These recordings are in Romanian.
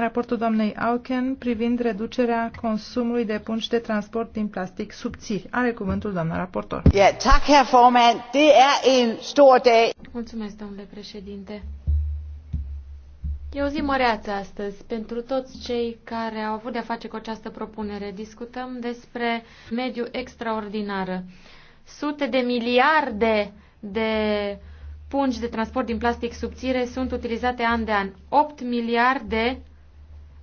raportul doamnei Auken privind reducerea consumului de pungi de transport din plastic subțiri. Are cuvântul doamna raportor. Yeah, er Mulțumesc, domnule președinte. E o zi măreață astăzi pentru toți cei care au avut de-a face cu această propunere. Discutăm despre mediu extraordinar. Sute de miliarde de pungi de transport din plastic subțire sunt utilizate an de an. 8 miliarde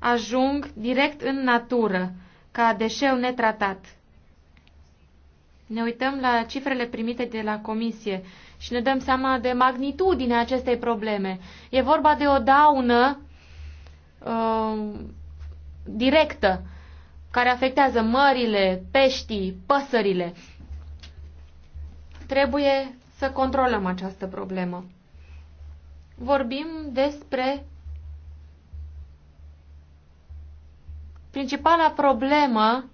ajung direct în natură, ca deșeu netratat. Ne uităm la cifrele primite de la comisie și ne dăm seama de magnitudinea acestei probleme. E vorba de o daună uh, directă care afectează mările, peștii, păsările. Trebuie să controlăm această problemă. Vorbim despre principala problemă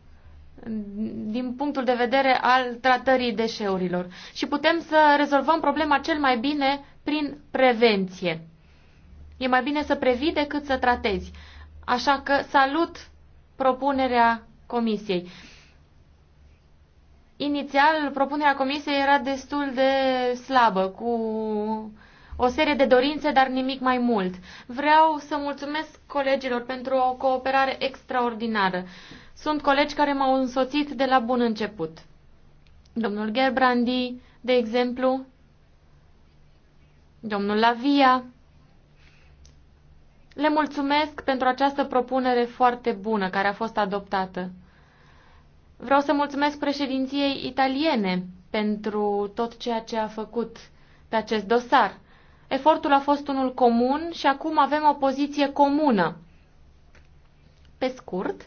din punctul de vedere al tratării deșeurilor și putem să rezolvăm problema cel mai bine prin prevenție. E mai bine să previi decât să tratezi. Așa că salut propunerea comisiei. Inițial, propunerea comisiei era destul de slabă, cu o serie de dorințe, dar nimic mai mult. Vreau să mulțumesc colegilor pentru o cooperare extraordinară. Sunt colegi care m-au însoțit de la bun început. Domnul Gerbrandi, de exemplu, domnul Lavia. Le mulțumesc pentru această propunere foarte bună care a fost adoptată. Vreau să mulțumesc președinției italiene pentru tot ceea ce a făcut pe acest dosar. Efortul a fost unul comun și acum avem o poziție comună. Pe scurt,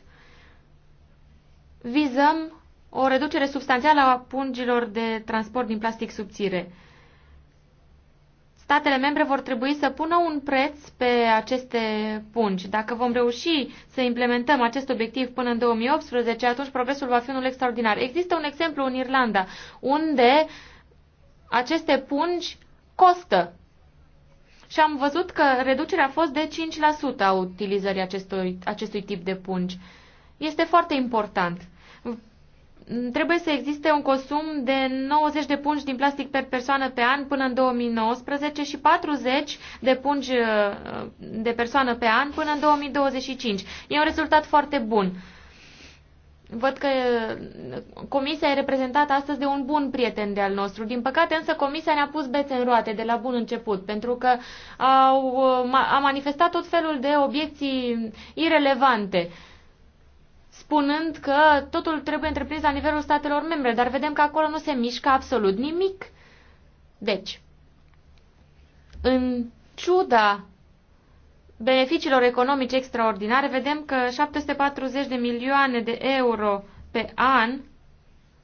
vizăm o reducere substanțială a pungilor de transport din plastic subțire. Statele membre vor trebui să pună un preț pe aceste pungi. Dacă vom reuși să implementăm acest obiectiv până în 2018, atunci progresul va fi unul extraordinar. Există un exemplu în Irlanda, unde aceste pungi costă și am văzut că reducerea a fost de 5% a utilizării acestui, acestui tip de pungi. Este foarte important. Trebuie să existe un consum de 90 de pungi din plastic per persoană pe an până în 2019 și 40 de pungi uh, de persoană pe an până în 2025. E un rezultat foarte bun. Văd că uh, comisia e reprezentată astăzi de un bun prieten de al nostru. Din păcate însă comisia ne-a pus bețe în roate de la bun început, pentru că au, uh, a manifestat tot felul de obiecții irelevante spunând că totul trebuie întreprins la nivelul statelor membre, dar vedem că acolo nu se mișcă absolut nimic. Deci, în ciuda beneficiilor economice extraordinare, vedem că 740 de milioane de euro pe an,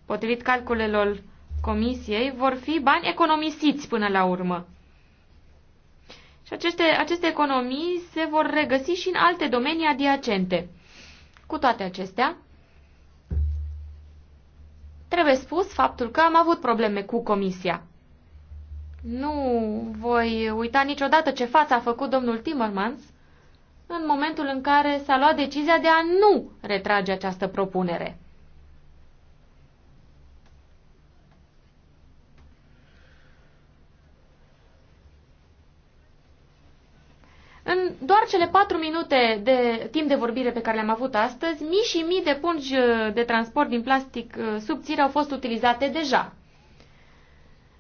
potrivit calculelor comisiei, vor fi bani economisiți până la urmă. Și aceste, aceste economii se vor regăsi și în alte domenii adiacente. Cu toate acestea, trebuie spus faptul că am avut probleme cu comisia. Nu voi uita niciodată ce față a făcut domnul Timmermans în momentul în care s-a luat decizia de a nu retrage această propunere. În doar cele patru minute de timp de vorbire pe care le-am avut astăzi, mii și mii de pungi de transport din plastic uh, subțire au fost utilizate deja.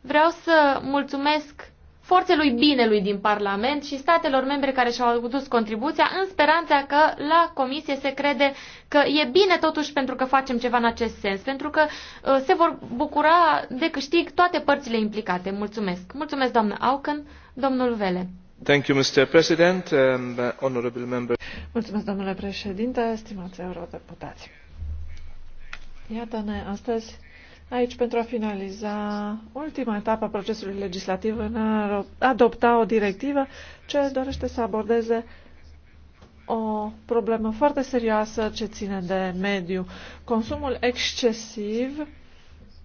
Vreau să mulțumesc forțelui binelui din Parlament și statelor membre care și-au adus contribuția în speranța că la comisie se crede că e bine totuși pentru că facem ceva în acest sens, pentru că uh, se vor bucura de câștig toate părțile implicate. Mulțumesc. Mulțumesc, doamnă Auken, domnul Vele. Thank you, Mr. President, um, honorable member. Mulțumesc, domnule președinte, stimați eurodeputați. Iată-ne astăzi Aici, pentru a finaliza ultima etapă a procesului legislativ în a adopta o directivă ce dorește să abordeze o problemă foarte serioasă ce ține de mediu. Consumul excesiv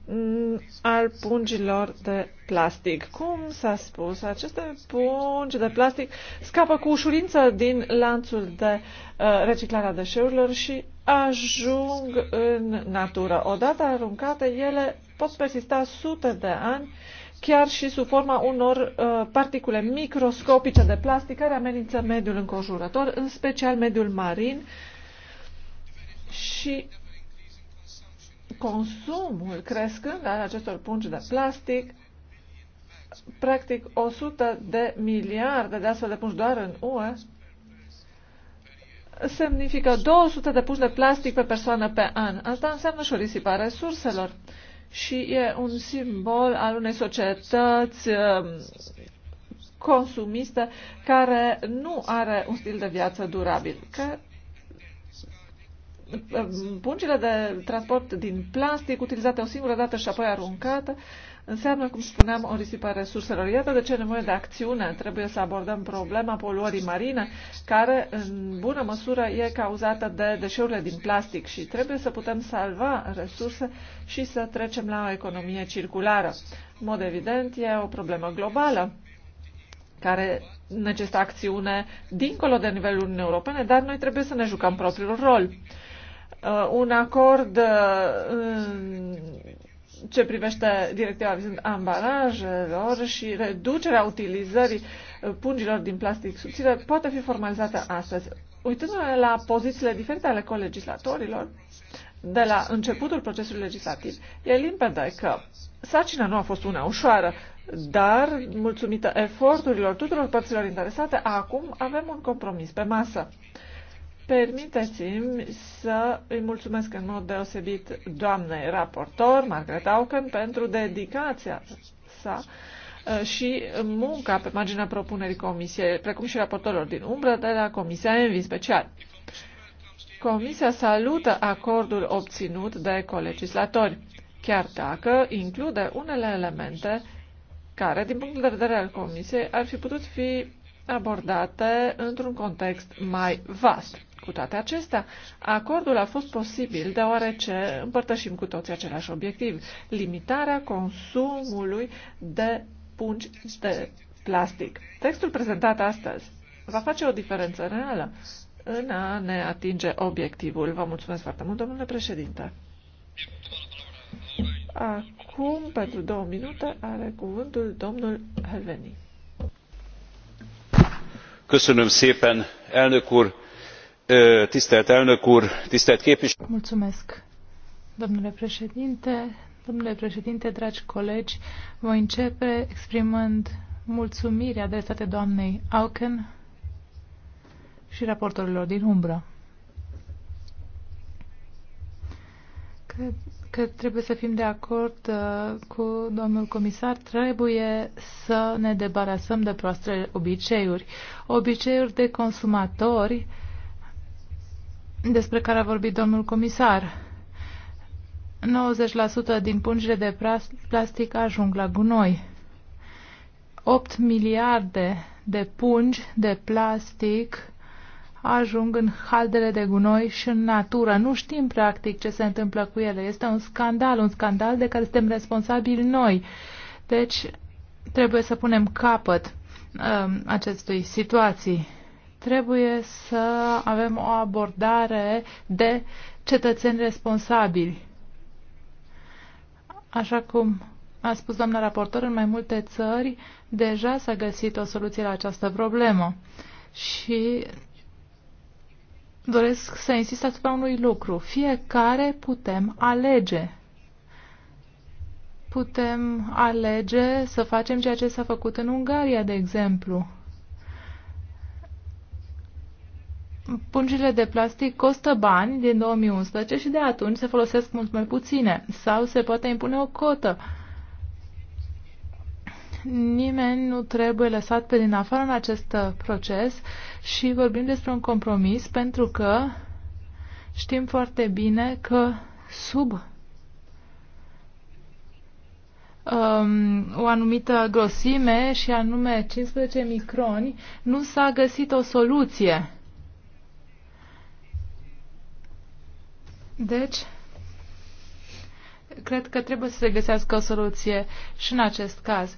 mm, al pungilor de plastic. Cum s-a spus, aceste pungi de plastic scapă cu ușurință din lanțul de uh, reciclare a deșeurilor și ajung în natură. Odată aruncate, ele pot persista sute de ani, chiar și sub forma unor uh, particule microscopice de plastic care amenință mediul înconjurător, în special mediul marin și consumul crescând al acestor pungi de plastic, practic 100 de miliarde de astfel de pungi doar în UE, semnifică 200 de puși de plastic pe persoană pe an. Asta înseamnă și o risipă a resurselor și e un simbol al unei societăți um, consumiste care nu are un stil de viață durabil. Că um, buncile de transport din plastic utilizate o singură dată și apoi aruncate înseamnă, cum spuneam, o risipă a resurselor. Iată de ce nevoie de acțiune. Trebuie să abordăm problema poluării marine, care în bună măsură e cauzată de deșeurile din plastic și trebuie să putem salva resurse și să trecem la o economie circulară. În mod evident, e o problemă globală care necesită acțiune dincolo de nivelul Uniunii Europene, dar noi trebuie să ne jucăm propriul rol. Uh, un acord uh, ce privește directiva vizând ambalajelor și reducerea utilizării uh, pungilor din plastic subțire poate fi formalizată astăzi. Uitându-ne la pozițiile diferite ale colegislatorilor, de la începutul procesului legislativ, e limpede că sarcina nu a fost una ușoară, dar, mulțumită eforturilor tuturor părților interesate, acum avem un compromis pe masă. Permiteți-mi să îi mulțumesc în mod deosebit doamnei raportor, Margaret Auken, pentru dedicația sa uh, și munca pe marginea propunerii comisiei, precum și raportorilor din umbră de la Comisia Envi special. Comisia salută acordul obținut de colegislatori, chiar dacă include unele elemente care, din punctul de vedere al Comisiei, ar fi putut fi abordate într-un context mai vast. Cu toate acestea, acordul a fost posibil deoarece împărtășim cu toți același obiectiv, limitarea consumului de pungi de plastic. Textul prezentat astăzi va face o diferență reală în a ne atinge obiectivul. Vă mulțumesc foarte mult, domnule președinte. Acum, pentru două minute, are cuvântul domnul Helveni. Köszönöm szépen, elnök úr! tisztelt elnök úr tisztelt domnule președinte domnule președinte dragi colegi voi începe exprimând mulțumiri adresate doamnei auken și raportorilor din umbră. Cred că trebuie să fim de acord uh, cu domnul comisar. Trebuie să ne debarasăm de proastele obiceiuri. Obiceiuri de consumatori uh, despre care a vorbit domnul comisar. 90% din pungile de plastic ajung la gunoi. 8 miliarde de pungi de plastic ajung în haldele de gunoi și în natură. Nu știm practic ce se întâmplă cu ele. Este un scandal, un scandal de care suntem responsabili noi. Deci trebuie să punem capăt um, acestui situații. Trebuie să avem o abordare de cetățeni responsabili. Așa cum a spus doamna raportor, în mai multe țări deja s-a găsit o soluție la această problemă. Și doresc să insist asupra unui lucru. Fiecare putem alege. Putem alege să facem ceea ce s-a făcut în Ungaria, de exemplu. pungile de plastic costă bani din 2011 și de atunci se folosesc mult mai puține sau se poate impune o cotă. Nimeni nu trebuie lăsat pe din afară în acest proces și vorbim despre un compromis pentru că știm foarte bine că sub um, o anumită grosime și anume 15 microni, nu s-a găsit o soluție Deci, cred că trebuie să se găsească o soluție și în acest caz.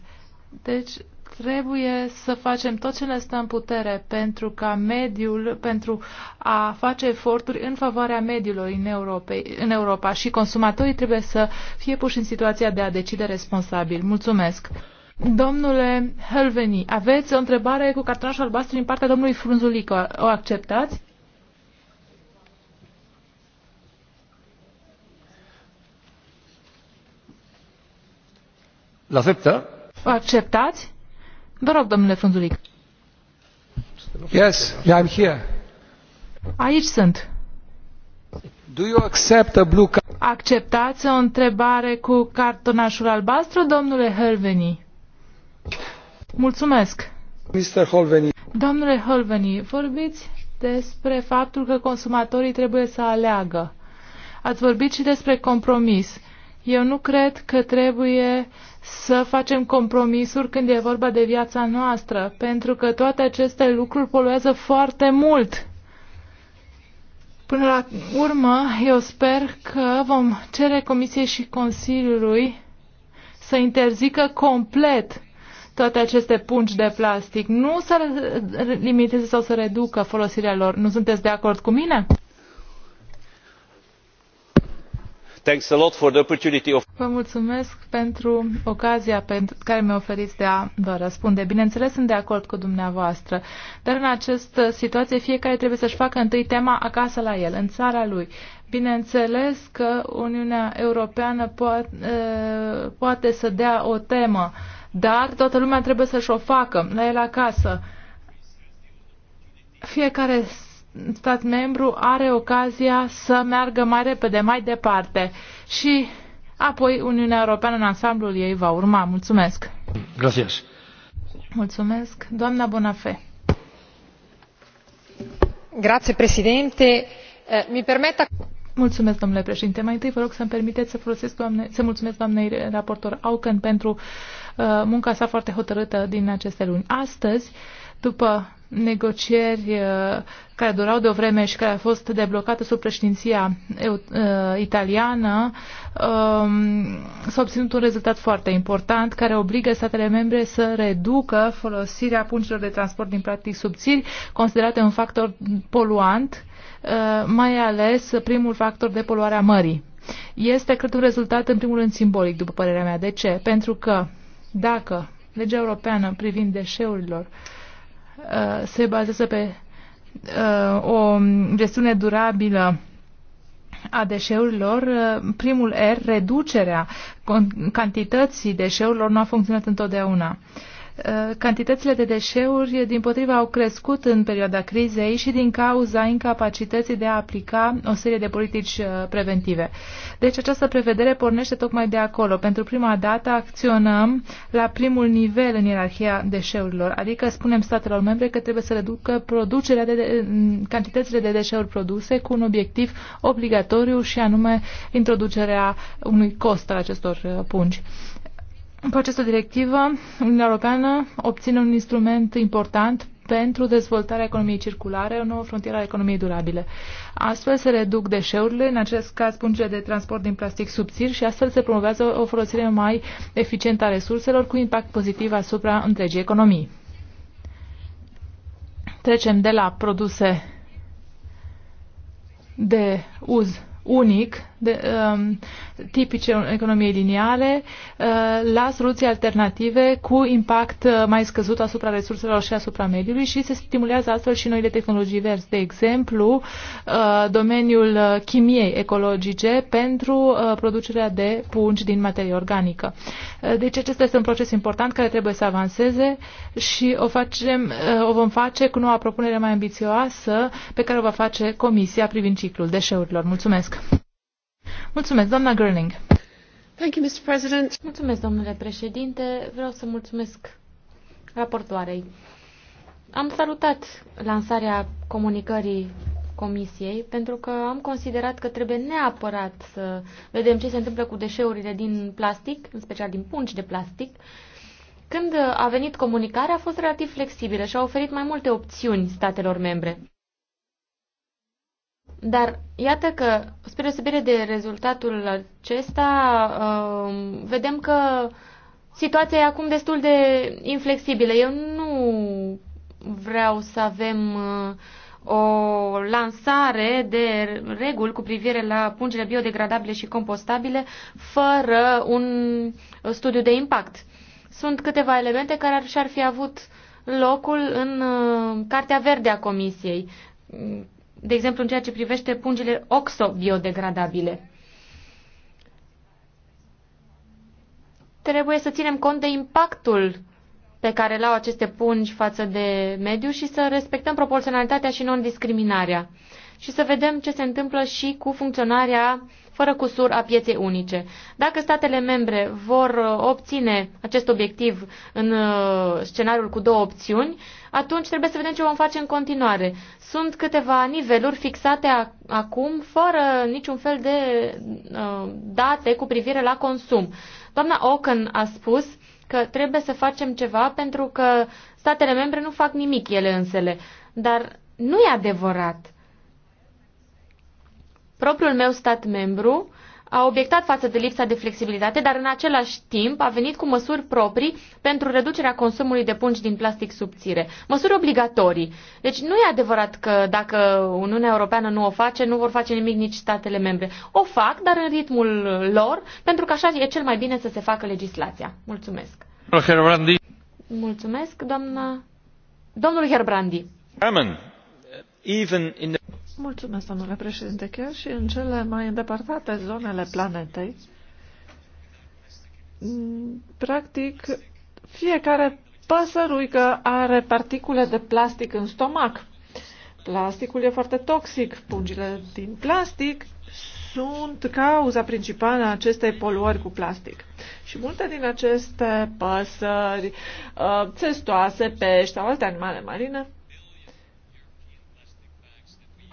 Deci, trebuie să facem tot ce ne stă în putere pentru ca mediul, pentru a face eforturi în favoarea mediului în, Europei, în Europa și consumatorii trebuie să fie puși în situația de a decide responsabil. Mulțumesc! Domnule Helveni, aveți o întrebare cu cartonașul albastru din partea domnului Frunzulică. O acceptați? Îl acceptă? Acceptați? Vă rog, domnule Frunzulic. Yes, I'm here. Aici sunt. Do you accept a blue card? Acceptați o întrebare cu cartonașul albastru, domnule Holveni. Mulțumesc. Mr. Holveni. Domnule Holveni, vorbiți despre faptul că consumatorii trebuie să aleagă. Ați vorbit și despre compromis. Eu nu cred că trebuie să facem compromisuri când e vorba de viața noastră, pentru că toate aceste lucruri poluează foarte mult. Până la urmă, eu sper că vom cere Comisiei și Consiliului să interzică complet toate aceste pungi de plastic. Nu să limiteze sau să reducă folosirea lor. Nu sunteți de acord cu mine? Thanks a lot for the opportunity of... Vă mulțumesc pentru ocazia pe care mi-a oferit de a vă răspunde. Bineînțeles, sunt de acord cu dumneavoastră, dar în această situație fiecare trebuie să-și facă întâi tema acasă la el, în țara lui. Bineînțeles că Uniunea Europeană poate, poate să dea o temă, dar toată lumea trebuie să-și o facă la el acasă. Fiecare stat membru are ocazia să meargă mai repede, mai departe și apoi Uniunea Europeană în ansamblul ei va urma. Mulțumesc! Gracias. Mulțumesc! Doamna Bonafé! Grazie, Presidente. Eh, mi permetta... Mulțumesc, domnule președinte. Mai întâi vă rog să-mi permiteți să, folosesc, doamne, să mulțumesc doamnei raportor Auken pentru uh, munca sa foarte hotărâtă din aceste luni. Astăzi, după negocieri uh, care durau de o vreme și care a fost deblocată sub președinția uh, italiană, um, s-a obținut un rezultat foarte important care obligă statele membre să reducă folosirea puncilor de transport din practic subțiri, considerate un factor poluant, uh, mai ales primul factor de poluare a mării. Este, cred, un rezultat în primul rând simbolic, după părerea mea. De ce? Pentru că dacă legea europeană privind deșeurilor uh, Uh, se bazează pe uh, o gestiune durabilă a deșeurilor, uh, primul R, reducerea cantității deșeurilor, nu a funcționat întotdeauna. Uh, Eh, cantitățile de deșeuri, din potriva, au crescut în perioada crizei și din cauza incapacității de a aplica o serie de politici eh, preventive. Deci această prevedere pornește tocmai de acolo. Pentru prima dată acționăm la primul nivel în ierarhia deșeurilor, adică spunem statelor membre că trebuie să reducă producerea de, de mm, cantitățile de deșeuri produse cu un obiectiv obligatoriu și anume introducerea unui cost al acestor eh, pungi. Cu această directivă, Uniunea Europeană obține un instrument important pentru dezvoltarea economiei circulare, o nouă frontieră a economiei durabile. Astfel se reduc deșeurile, în acest caz pungile de transport din plastic subțiri și astfel se promovează o folosire mai eficientă a resurselor cu impact pozitiv asupra întregii economii. Trecem de la produse de uz unic de, um, tipice economiei lineale uh, la soluții alternative cu impact uh, mai scăzut asupra resurselor și asupra mediului și se stimulează astfel și noile tehnologii verzi. De exemplu, uh, domeniul uh, chimiei ecologice pentru uh, producerea de pungi din materie organică. Uh, deci acesta este un proces important care trebuie să avanseze și o, facem, uh, o vom face cu noua propunere mai ambițioasă pe care o va face Comisia privind ciclul deșeurilor. Mulțumesc! Mulțumesc, doamna Gerling. Thank you, Mr. President. Mulțumesc, domnule președinte. Vreau să mulțumesc raportoarei. Am salutat lansarea comunicării Comisiei, pentru că am considerat că trebuie neapărat să vedem ce se întâmplă cu deșeurile din plastic, în special din pungi de plastic. Când a venit comunicarea, a fost relativ flexibilă și a oferit mai multe opțiuni statelor membre. Dar iată că, spre deosebire de rezultatul acesta, um, vedem că situația e acum destul de inflexibilă. Eu nu vreau să avem uh, o lansare de reguli cu privire la pungile biodegradabile și compostabile fără un studiu de impact. Sunt câteva elemente care ar, și-ar fi avut locul în uh, Cartea Verde a Comisiei de exemplu în ceea ce privește pungile oxobiodegradabile. Trebuie să ținem cont de impactul pe care l-au aceste pungi față de mediu și să respectăm proporționalitatea și non-discriminarea și să vedem ce se întâmplă și cu funcționarea fără cusur a pieței unice. Dacă statele membre vor obține acest obiectiv în uh, scenariul cu două opțiuni, atunci trebuie să vedem ce vom face în continuare. Sunt câteva niveluri fixate acum, fără niciun fel de uh, date cu privire la consum. Doamna Ocken a spus că trebuie să facem ceva pentru că statele membre nu fac nimic ele însele. Dar nu e adevărat. Propriul meu stat membru uh, a obiectat față de lipsa de flexibilitate, dar în același timp a venit cu măsuri proprii pentru reducerea consumului de pungi din plastic subțire. Măsuri obligatorii. Deci nu e adevărat că dacă Uniunea Europeană nu o face, nu vor face nimic nici statele membre. O fac, dar în ritmul lor, pentru că așa e cel mai bine să se facă legislația. Mulțumesc. Mulțumesc, doamna... Domnul Herbrandi. Amen. Even in the... Mulțumesc, domnule președinte. Chiar și în cele mai îndepărtate zonele planetei, practic, fiecare păsăruică are particule de plastic în stomac. Plasticul e foarte toxic. Pungile din plastic sunt cauza principală a acestei poluări cu plastic. Și multe din aceste păsări, uh, țestoase, pești sau alte animale marine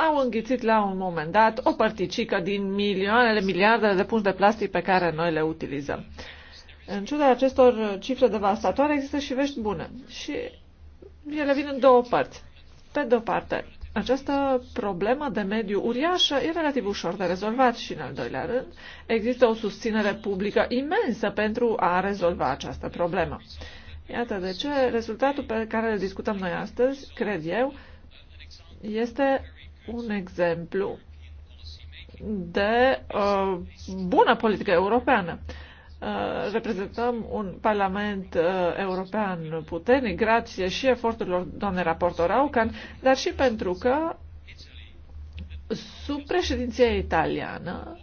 au înghițit la un moment dat o părticică din milioanele, miliardele de pungi de plastic pe care noi le utilizăm. În ciuda acestor cifre devastatoare există și vești bune și ele vin în două părți. Pe de o parte, această problemă de mediu uriașă e relativ ușor de rezolvat și, în al doilea rând, există o susținere publică imensă pentru a rezolva această problemă. Iată de ce rezultatul pe care îl discutăm noi astăzi, cred eu, este un exemplu de uh, bună politică europeană. Uh, reprezentăm un Parlament uh, European puternic, grație și eforturilor doamnei raportor Aucan, dar și pentru că sub președinția italiană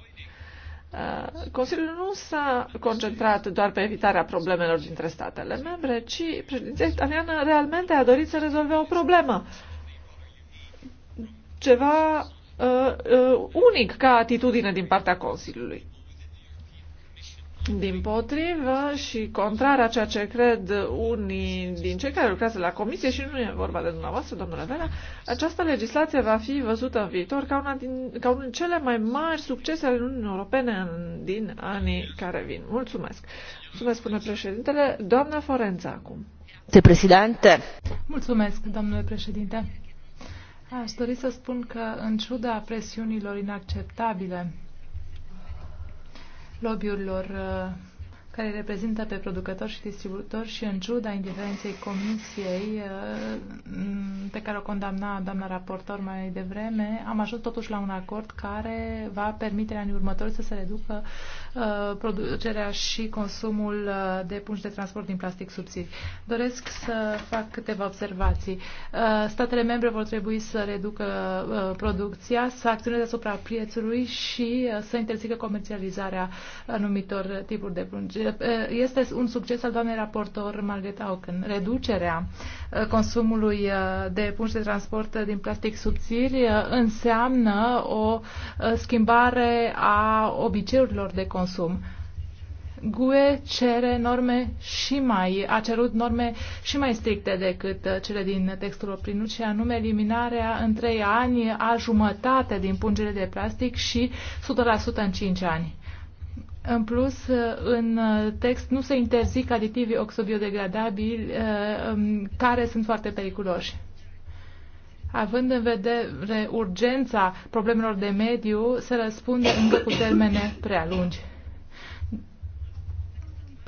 uh, Consiliul nu s-a concentrat doar pe evitarea problemelor dintre statele membre, ci președinția italiană realmente a dorit să rezolve o problemă. Uh, ceva uh, uh, unic ca atitudine din partea Consiliului. Din potrivă și contrar a ceea ce cred unii din cei care lucrează la comisie, și nu e vorba de dumneavoastră, domnule Vela, această legislație va fi văzută în viitor ca, una din, ca unul din cele mai mari succese ale Uniunii Europene în, din anii care vin. Mulțumesc. Mulțumesc, spune președintele. Doamna Forența, acum. Mulțumesc, domnule președinte. Aș dori să spun că, în ciuda presiunilor inacceptabile, lobbyurilor uh, care reprezintă pe producători și distributori și în ciuda indiferenței comisiei uh, pe care o condamna doamna raportor mai devreme, am ajuns totuși la un acord care va permite în anii următori să se reducă uh, producerea și consumul uh, de pungi de transport din plastic subțiri. Doresc să fac câteva observații. Statele membre vor trebui să reducă producția, să acționeze asupra prețului și să interzică comercializarea anumitor tipuri de pungi deci, este un succes al doamnei raportor Margaret Auken. Reducerea consumului de pungi de transport din plastic subțiri înseamnă o schimbare a obiceiurilor de consum. GUE cere norme și mai, a cerut norme și mai stricte decât cele din textul oprinut și anume eliminarea în trei ani a jumătate din pungile de plastic și 100% în 5 ani. În plus, în text nu se interzic aditivii oxobiodegradabili eh, um, care sunt foarte periculoși. Având în vedere urgența problemelor de mediu, se răspunde încă cu termene prea lungi.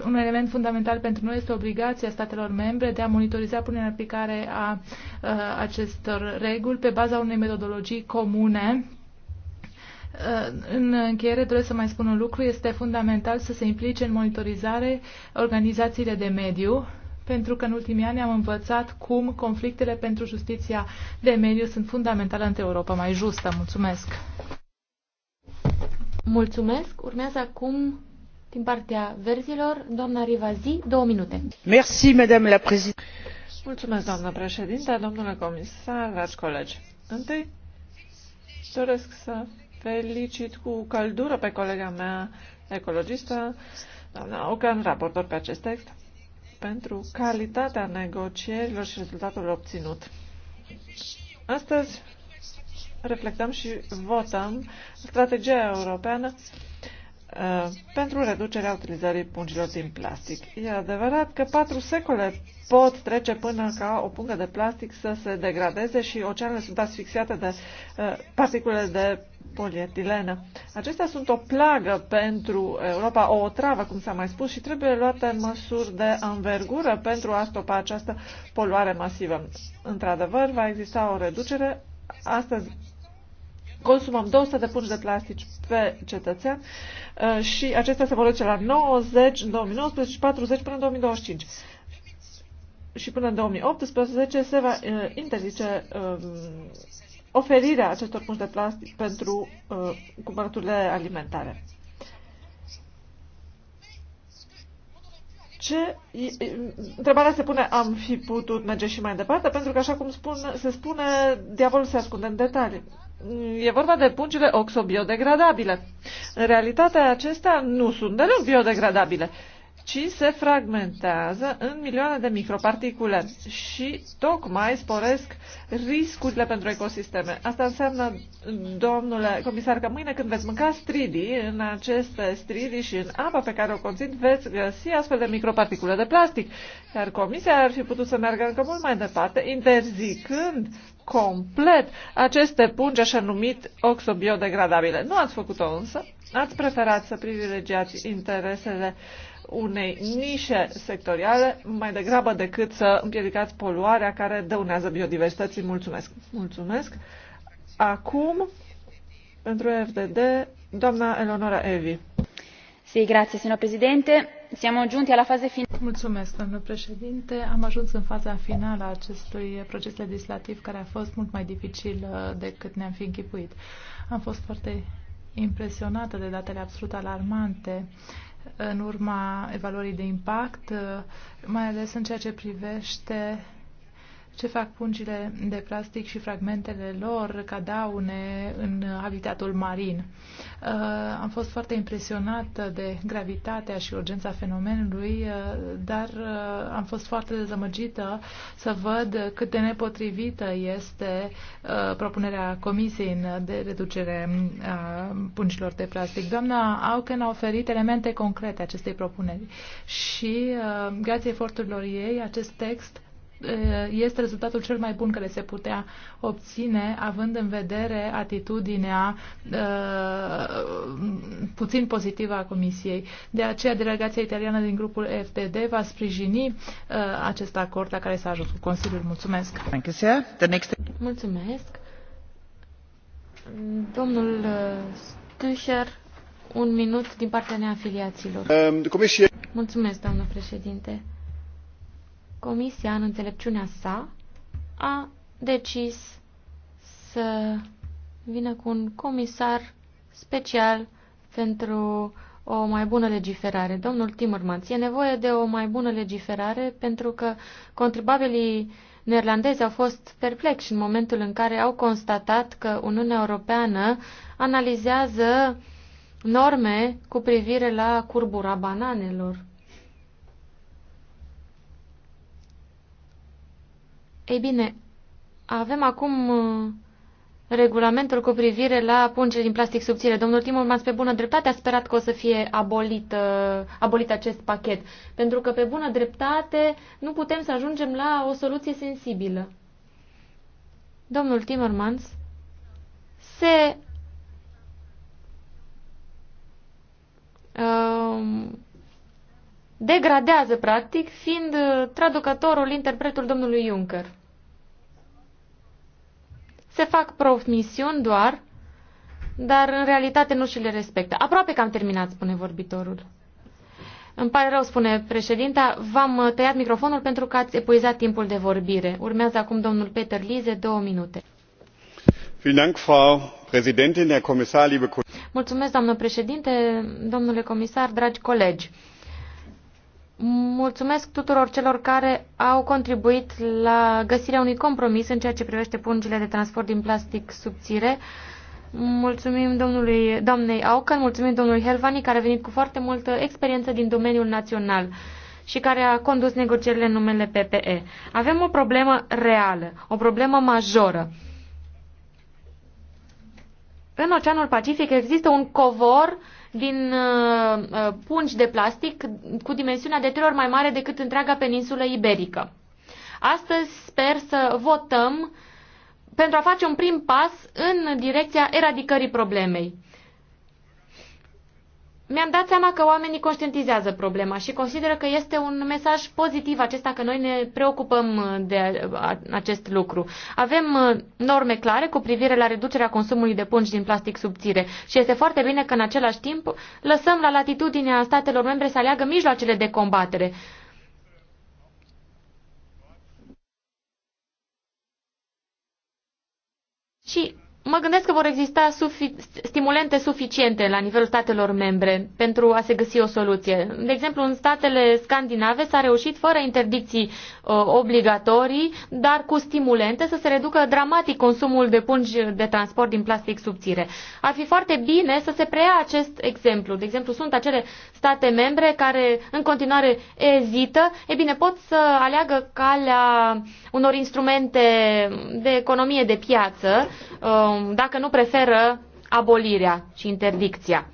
Un element fundamental pentru noi este obligația statelor membre de a monitoriza punerea în aplicare a, a eh, acestor reguli pe baza unei metodologii comune Uh, în încheiere doresc să mai spun un lucru. Este fundamental să se implice în monitorizare organizațiile de mediu, pentru că în ultimii ani am învățat cum conflictele pentru justiția de mediu sunt fundamentale într Europa mai justă. Mulțumesc! Mulțumesc! Urmează acum din partea verzilor, doamna Rivazi, două minute. Merci, madame la președinte. Mulțumesc, doamna președinte, domnule comisar, dragi colegi. Întâi doresc să felicit cu căldură pe colega mea ecologistă, doamna Ocan, raportor pe acest text, pentru calitatea negocierilor și rezultatul obținut. Astăzi reflectăm și votăm strategia europeană uh, pentru reducerea utilizării pungilor din plastic. E adevărat că patru secole pot trece până ca o pungă de plastic să se degradeze și oceanele sunt asfixiate de uh, particule de polietilenă. Acestea sunt o plagă pentru Europa, o otravă, cum s-a mai spus, și trebuie luate măsuri de anvergură pentru a stopa această poluare masivă. Într-adevăr, va exista o reducere. Astăzi consumăm 200 de pungi de plastic pe cetățean uh, și acestea se vor duce la 90 în 2019 și 40 până în 2025 și până în 2018 se va uh, interzice um, oferirea acestor pungi de plastic pentru uh, cumpărăturile alimentare. Ce, întrebarea se pune, am fi putut merge și mai departe? Pentru că, așa cum spun, se spune, diavolul se ascunde în detalii. E vorba de pungile oxobiodegradabile. În realitate, acestea nu sunt deloc biodegradabile. Uh, ci se fragmentează în milioane de microparticule și tocmai sporesc riscurile pentru ecosisteme. Asta înseamnă, domnule comisar, că mâine când veți mânca stridii, în aceste stridii și în apa pe care o conțin, veți găsi astfel de microparticule de plastic. Iar comisia ar fi putut să meargă încă mult mai departe, interzicând complet aceste pungi așa numit oxobiodegradabile. Nu ați făcut-o însă, ați preferat să privilegiați interesele uh, unei nișe sectoriale mai degrabă decât să împiedicați poluarea care dăunează biodiversității. Mulțumesc! Mulțumesc! Acum, pentru FDD, doamna Eleonora Evi. Sì, grazie, signor Presidente. Siamo giunti alla fase finale. Mulțumesc, domnule președinte. Am ajuns în faza finală a acestui proces legislativ care a fost mult mai dificil uh, decât ne-am fi închipuit. Am fost foarte impresionată de datele absolut alarmante în urma evaluării de impact, mai ales în ceea ce privește ce fac pungile de plastic și fragmentele lor ca daune în habitatul marin. Uh, am fost foarte impresionat de gravitatea și urgența fenomenului, uh, dar uh, am fost foarte dezamăgită să văd cât de nepotrivită este propunerea Comisiei de reducere a pungilor de plastic. Doamna Auken a oferit elemente concrete acestei propuneri și, grație eforturilor ei, acest text este rezultatul cel mai bun care se putea obține, având în vedere atitudinea puțin pozitivă a Comisiei. De aceea, delegația italiană din grupul FDD va sprijini acest acord la care s-a ajuns cu Consiliul. Mulțumesc! Mulțumesc! Domnul Stücher, un minut din partea neafiliaților. Um, Mulțumesc, doamnă președinte. Comisia, în înțelepciunea sa, a decis să vină cu un comisar special pentru o mai bună legiferare. Domnul Timmermans, e nevoie de o mai bună legiferare pentru că contribuabilii neerlandezi au fost perplexi în momentul în care au constatat că Uniunea Europeană analizează norme cu privire la curbura bananelor. Ei bine, avem acum uh, regulamentul cu privire la pungile din plastic subțire. Domnul Timur Timurmans, pe bună dreptate, a sperat că o să fie abolit, uh, abolit acest pachet, pentru că pe bună dreptate nu putem să ajungem la o soluție sensibilă. Domnul Timmermans se uh, degradează, practic, fiind uh, traducătorul, interpretul domnului Juncker se fac promisiuni doar, dar în realitate nu și le respectă. Aproape că am terminat, spune vorbitorul. Îmi pare rău, spune președinta, v-am uh, tăiat microfonul pentru că ați epuizat timpul de vorbire. Urmează acum domnul Peter Lize, două minute. Mulțumesc, doamnă președinte, domnule comisar, dragi colegi Mulțumesc tuturor celor care au contribuit la găsirea unui compromis în ceea ce privește pungile de transport din plastic subțire. Mulțumim domnului, doamnei Aucan, mulțumim domnului Helvani, care a venit cu foarte multă experiență din domeniul național și care a condus negocierile în numele PPE. Avem o problemă reală, o problemă majoră. În Oceanul Pacific există un covor uh, din uh, uh, pungi de plastic cu dimensiunea de trei ori mai mare decât întreaga peninsulă iberică. Astăzi sper să votăm pentru a face un prim pas în direcția eradicării problemei mi-am dat seama că oamenii conștientizează problema și consideră că este un mesaj pozitiv acesta că noi ne preocupăm de acest lucru. Avem uh, norme clare cu privire la reducerea consumului de pungi din plastic subțire și este foarte bine că în același timp lăsăm la latitudinea statelor membre să aleagă mijloacele de combatere. Și Mă gândesc că vor exista sufi stimulente suficiente la nivelul statelor membre pentru a se găsi o soluție. De exemplu, în statele scandinave s-a reușit fără interdicții uh, obligatorii, dar cu stimulente să se reducă dramatic consumul de pungi de transport din plastic subțire. Ar fi foarte bine să se preia acest exemplu. De exemplu, sunt acele state membre care în continuare ezită, e bine, pot să aleagă calea unor instrumente de economie de piață, uh, Um, dacă nu preferă abolirea și interdicția.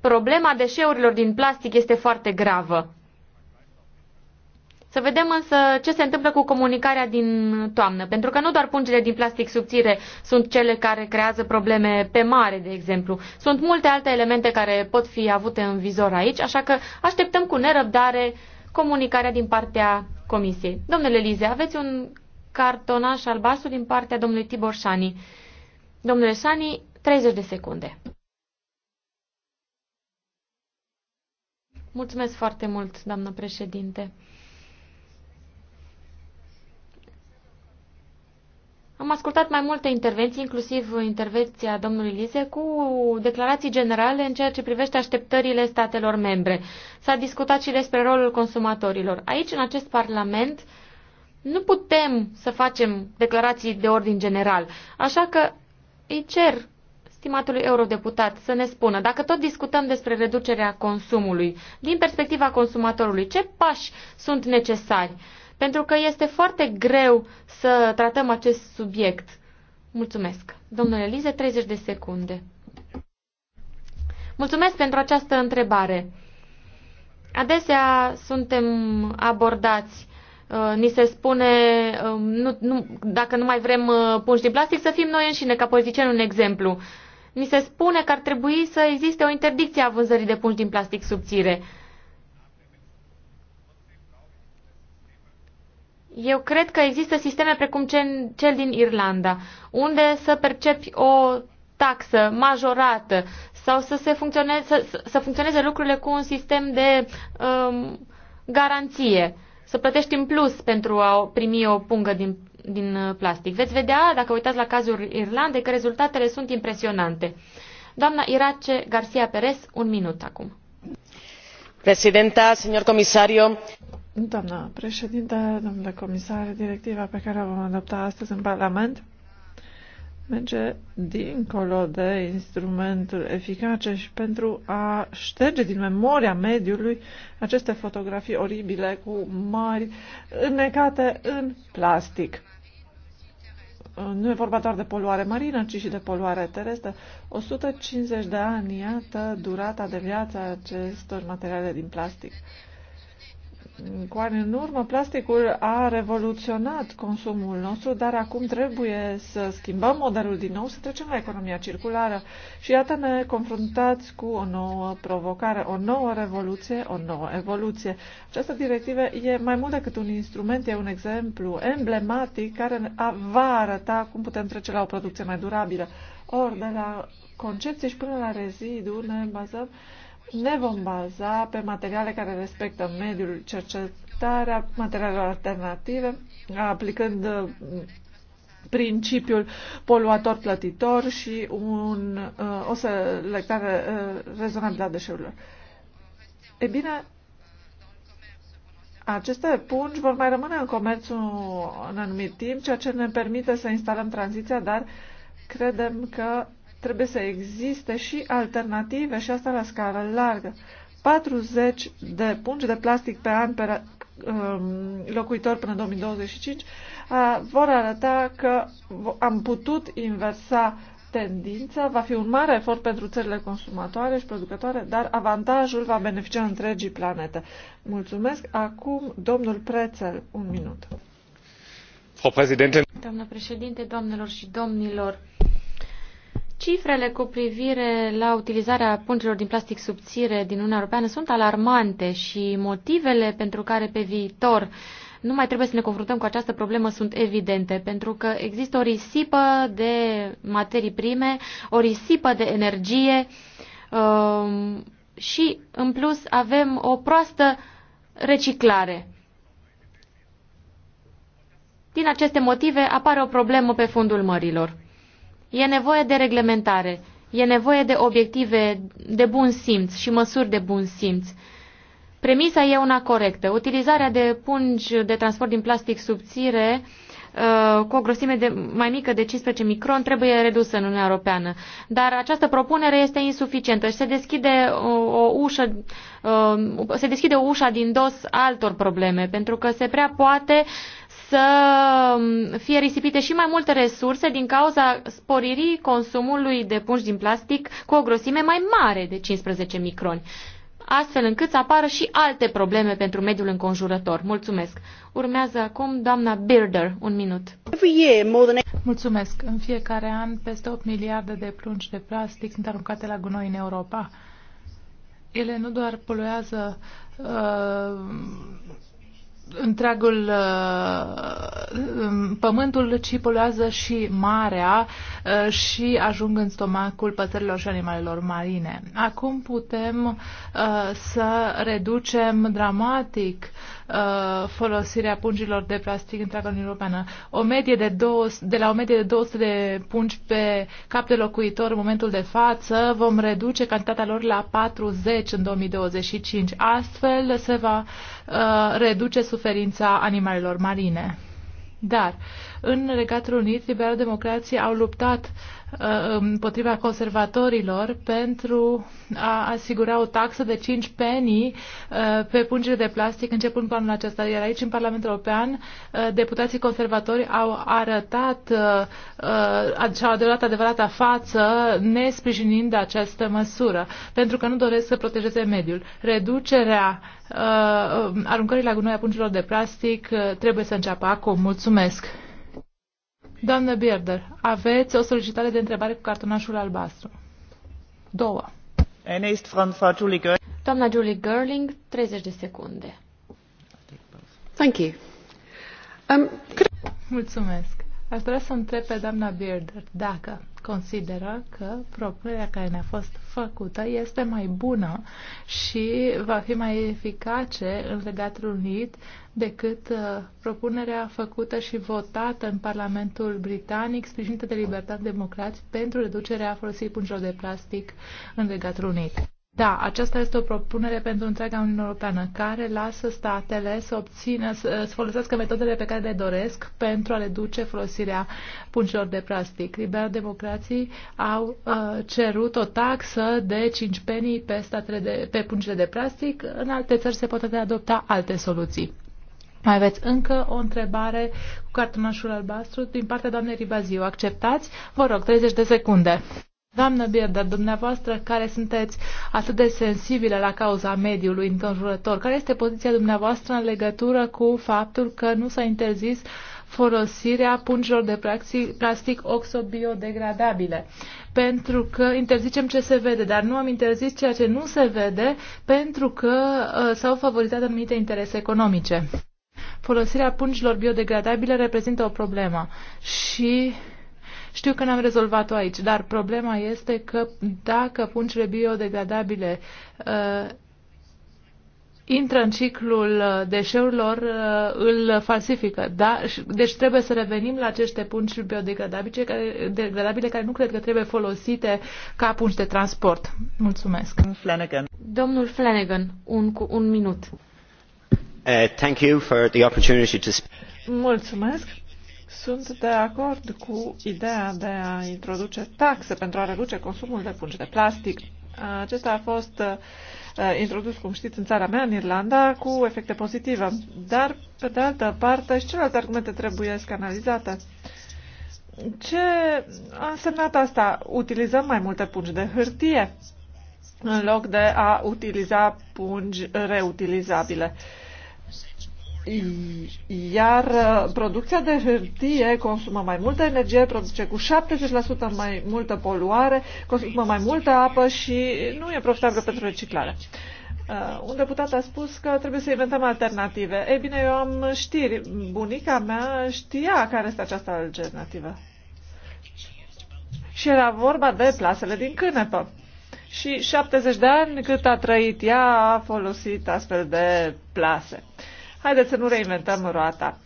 Problema deșeurilor din plastic este foarte gravă. Să vedem însă ce se întâmplă cu comunicarea din toamnă, pentru că nu doar pungile din plastic subțire sunt cele care creează probleme pe mare, de exemplu. Sunt multe alte elemente care pot fi avute în vizor aici, așa că așteptăm cu nerăbdare comunicarea din partea Comisiei. Domnule Lize, aveți un cartonaș albastru din partea domnului Tibor Șani. Domnule Sani, 30 de secunde. Mulțumesc foarte mult, doamnă președinte. Am ascultat mai multe intervenții, inclusiv intervenția domnului Lise, cu declarații generale în ceea ce privește așteptările statelor membre. S-a discutat și despre rolul consumatorilor. Aici, în acest Parlament, nu putem să facem declarații de ordin general. Așa că îi cer stimatului eurodeputat să ne spună, dacă tot discutăm despre reducerea consumului, din perspectiva consumatorului, ce pași sunt necesari? Pentru că este foarte greu să tratăm acest subiect. Mulțumesc. Domnule Lize, 30 de secunde. Mulțumesc pentru această întrebare. Adesea suntem abordați Uh, ni se spune um, nu, nu, dacă nu mai vrem uh, pungi din plastic să fim noi înșine, ca politicieni un exemplu. Ni se spune că ar trebui să existe o interdicție a vânzării de pungi din plastic subțire. Eu cred că există sisteme precum cel din Irlanda, unde să percepi o taxă majorată sau să, se funcționeze, să, să funcționeze lucrurile cu un sistem de um, garanție să plătești în plus pentru a primi o pungă din, din uh, plastic. Veți vedea, dacă uitați la cazul Irlandei, că rezultatele sunt impresionante. Doamna Irace Garcia Perez, un minut acum. Presidenta, señor comisario. Doamna președinte, domnule comisar, directiva pe care o vom adopta astăzi în Parlament merge dincolo de instrumentul eficace și pentru a șterge din memoria mediului aceste fotografii oribile cu mari înnecate în plastic. Nu e vorba doar de poluare marină, ci și de poluare terestră. 150 de ani, iată durata de viață a acestor materiale din plastic cu ani în urmă, plasticul a revoluționat consumul nostru, dar acum trebuie să schimbăm modelul din nou, să trecem la economia circulară. Și iată ne confruntați cu o nouă provocare, o nouă revoluție, o nouă evoluție. Această directivă e mai mult decât un instrument, e un exemplu emblematic care va arăta cum putem trece la o producție mai durabilă. Ori de la concepție și până la rezidu ne bazăm ne vom baza pe materiale care respectă mediul, cercetarea, materiale alternative, aplicând uh, principiul poluator-plătitor și un, uh, o selectare uh, rezonabilă a deșeurilor. E bine, aceste pungi vor mai rămâne în comerț un anumit timp, ceea ce ne permite să instalăm tranziția, dar credem că Trebuie să existe și alternative și asta la scară largă. 40 de pungi de plastic pe an pe um, locuitor până în 2025 vor arăta că am putut inversa tendința, va fi un mare efort pentru țările consumatoare și producătoare, dar avantajul va beneficia întregii planete. Mulțumesc. Acum, domnul Prețel, un minut. Doamnă președinte, doamnelor și domnilor, Cifrele cu privire la utilizarea pungilor din plastic subțire din Uniunea Europeană sunt alarmante și motivele pentru care pe viitor nu mai trebuie să ne confruntăm cu această problemă sunt evidente, pentru că există o risipă de materii prime, o risipă de energie um, și, în plus, avem o proastă reciclare. Din aceste motive apare o problemă pe fundul mărilor. E nevoie de reglementare, e nevoie de obiective de bun simț și măsuri de bun simț. Premisa e una corectă. Utilizarea de pungi de transport din plastic subțire uh, Uh, cu o grosime de, mai mică de 15 micron trebuie redusă în Uniunea Europeană. Dar această propunere este insuficientă și se deschide o, o ușă uh, se deschide ușa din dos altor probleme, pentru că se prea poate să um, fie risipite și mai multe resurse din cauza sporirii consumului de pungi din plastic cu o grosime mai mare de 15 microni astfel încât să apară și alte probleme pentru mediul înconjurător. Mulțumesc. Urmează acum doamna Birder, un minut. Mulțumesc. În fiecare an, peste 8 miliarde de plungi de plastic sunt aruncate la gunoi în Europa. Ele nu doar poluează uh, întregul uh, um, pământul, ci poluează și marea uh, și ajung în stomacul păsărilor și animalelor marine. Acum putem uh, să reducem dramatic Uh, folosirea pungilor de plastic întreaga Uniunea Europeană. O medie de, două, de la o medie de 200 de pungi pe cap de locuitor în momentul de față vom reduce cantitatea lor la 40 în 2025. Astfel se va uh, reduce suferința animalelor marine. Dar în Regatul Unit, liberal-democrații au luptat uh, împotriva conservatorilor pentru a asigura o taxă de 5 penny uh, pe pungile de plastic începând cu anul acesta. Iar aici, în Parlamentul European, uh, deputații conservatori au arătat și-au adevărat adevărata față nesprijinind această măsură, pentru că nu doresc să protejeze mediul. Reducerea aruncării la gunoi a pungilor de plastic trebuie să înceapă acum. Mulțumesc! Doamnă Bierder, aveți o solicitare de întrebare cu cartonașul albastru. Două. Doamna Julie Gerling, 30 de secunde. Thank you. Um, could... Mulțumesc. Aș vrea să întreb pe doamna Bearder dacă consideră că propunerea care ne-a fost făcută este mai bună și va fi mai eficace în legatul Unit decât uh, propunerea făcută și votată în Parlamentul Britanic, sprijinită de Libertate Democrați, pentru reducerea folosirii pungilor de plastic în legatul Unit. Da, aceasta este o propunere pentru întreaga Uniune Europeană, care lasă statele să obțină, să, să folosească metodele pe care le doresc pentru a reduce folosirea pungilor de plastic. Liber democrații au uh, cerut o taxă de 5 penii pe, statele de, pe pungile de plastic. În alte țări se pot adopta alte soluții. Mai aveți încă o întrebare cu cartonașul albastru din partea doamnei Ribaziu. Acceptați? Vă rog, 30 de secunde. Doamnă Birda, dumneavoastră care sunteți atât de sensibile la cauza mediului înconjurător, care este poziția dumneavoastră în legătură cu faptul că nu s-a interzis folosirea pungilor de plastic oxobiodegradabile? Pentru că interzicem ce se vede, dar nu am interzis ceea ce nu se vede pentru că uh, s-au favorizat anumite interese economice. Folosirea pungilor biodegradabile reprezintă o problemă și știu că n-am rezolvat-o aici, dar problema este că dacă puncile biodegradabile uh, intră în ciclul uh, deșeurilor, uh, îl falsifică. Da? Deci trebuie să revenim la aceste pungi biodegradabile care, degradabile care nu cred că trebuie folosite ca pungi de transport. Mulțumesc. Flanagan. Domnul Flanagan, un, un minut. Uh, thank you for the opportunity to... Mulțumesc sunt de acord cu ideea de a introduce taxe pentru a reduce consumul de pungi de plastic. Acesta a fost uh, introdus, cum știți, în țara mea, în Irlanda, cu efecte pozitive. Dar, pe de altă parte, și celelalte argumente trebuie analizate. Ce a însemnat asta? Utilizăm mai multe pungi de hârtie în loc de a utiliza pungi reutilizabile. Uh, iar uh, producția de hârtie consumă mai multă energie, produce cu 70% mai multă poluare, consumă mai multă apă și nu e profitabilă pentru reciclare. Uh, un deputat a spus că trebuie să inventăm alternative. Ei bine, eu am știri. Bunica mea știa care este această alternativă. Și era vorba de plasele din cânepă. Și 70 de ani cât a trăit ea a folosit astfel de plase. Haideți să nu reinventăm roata.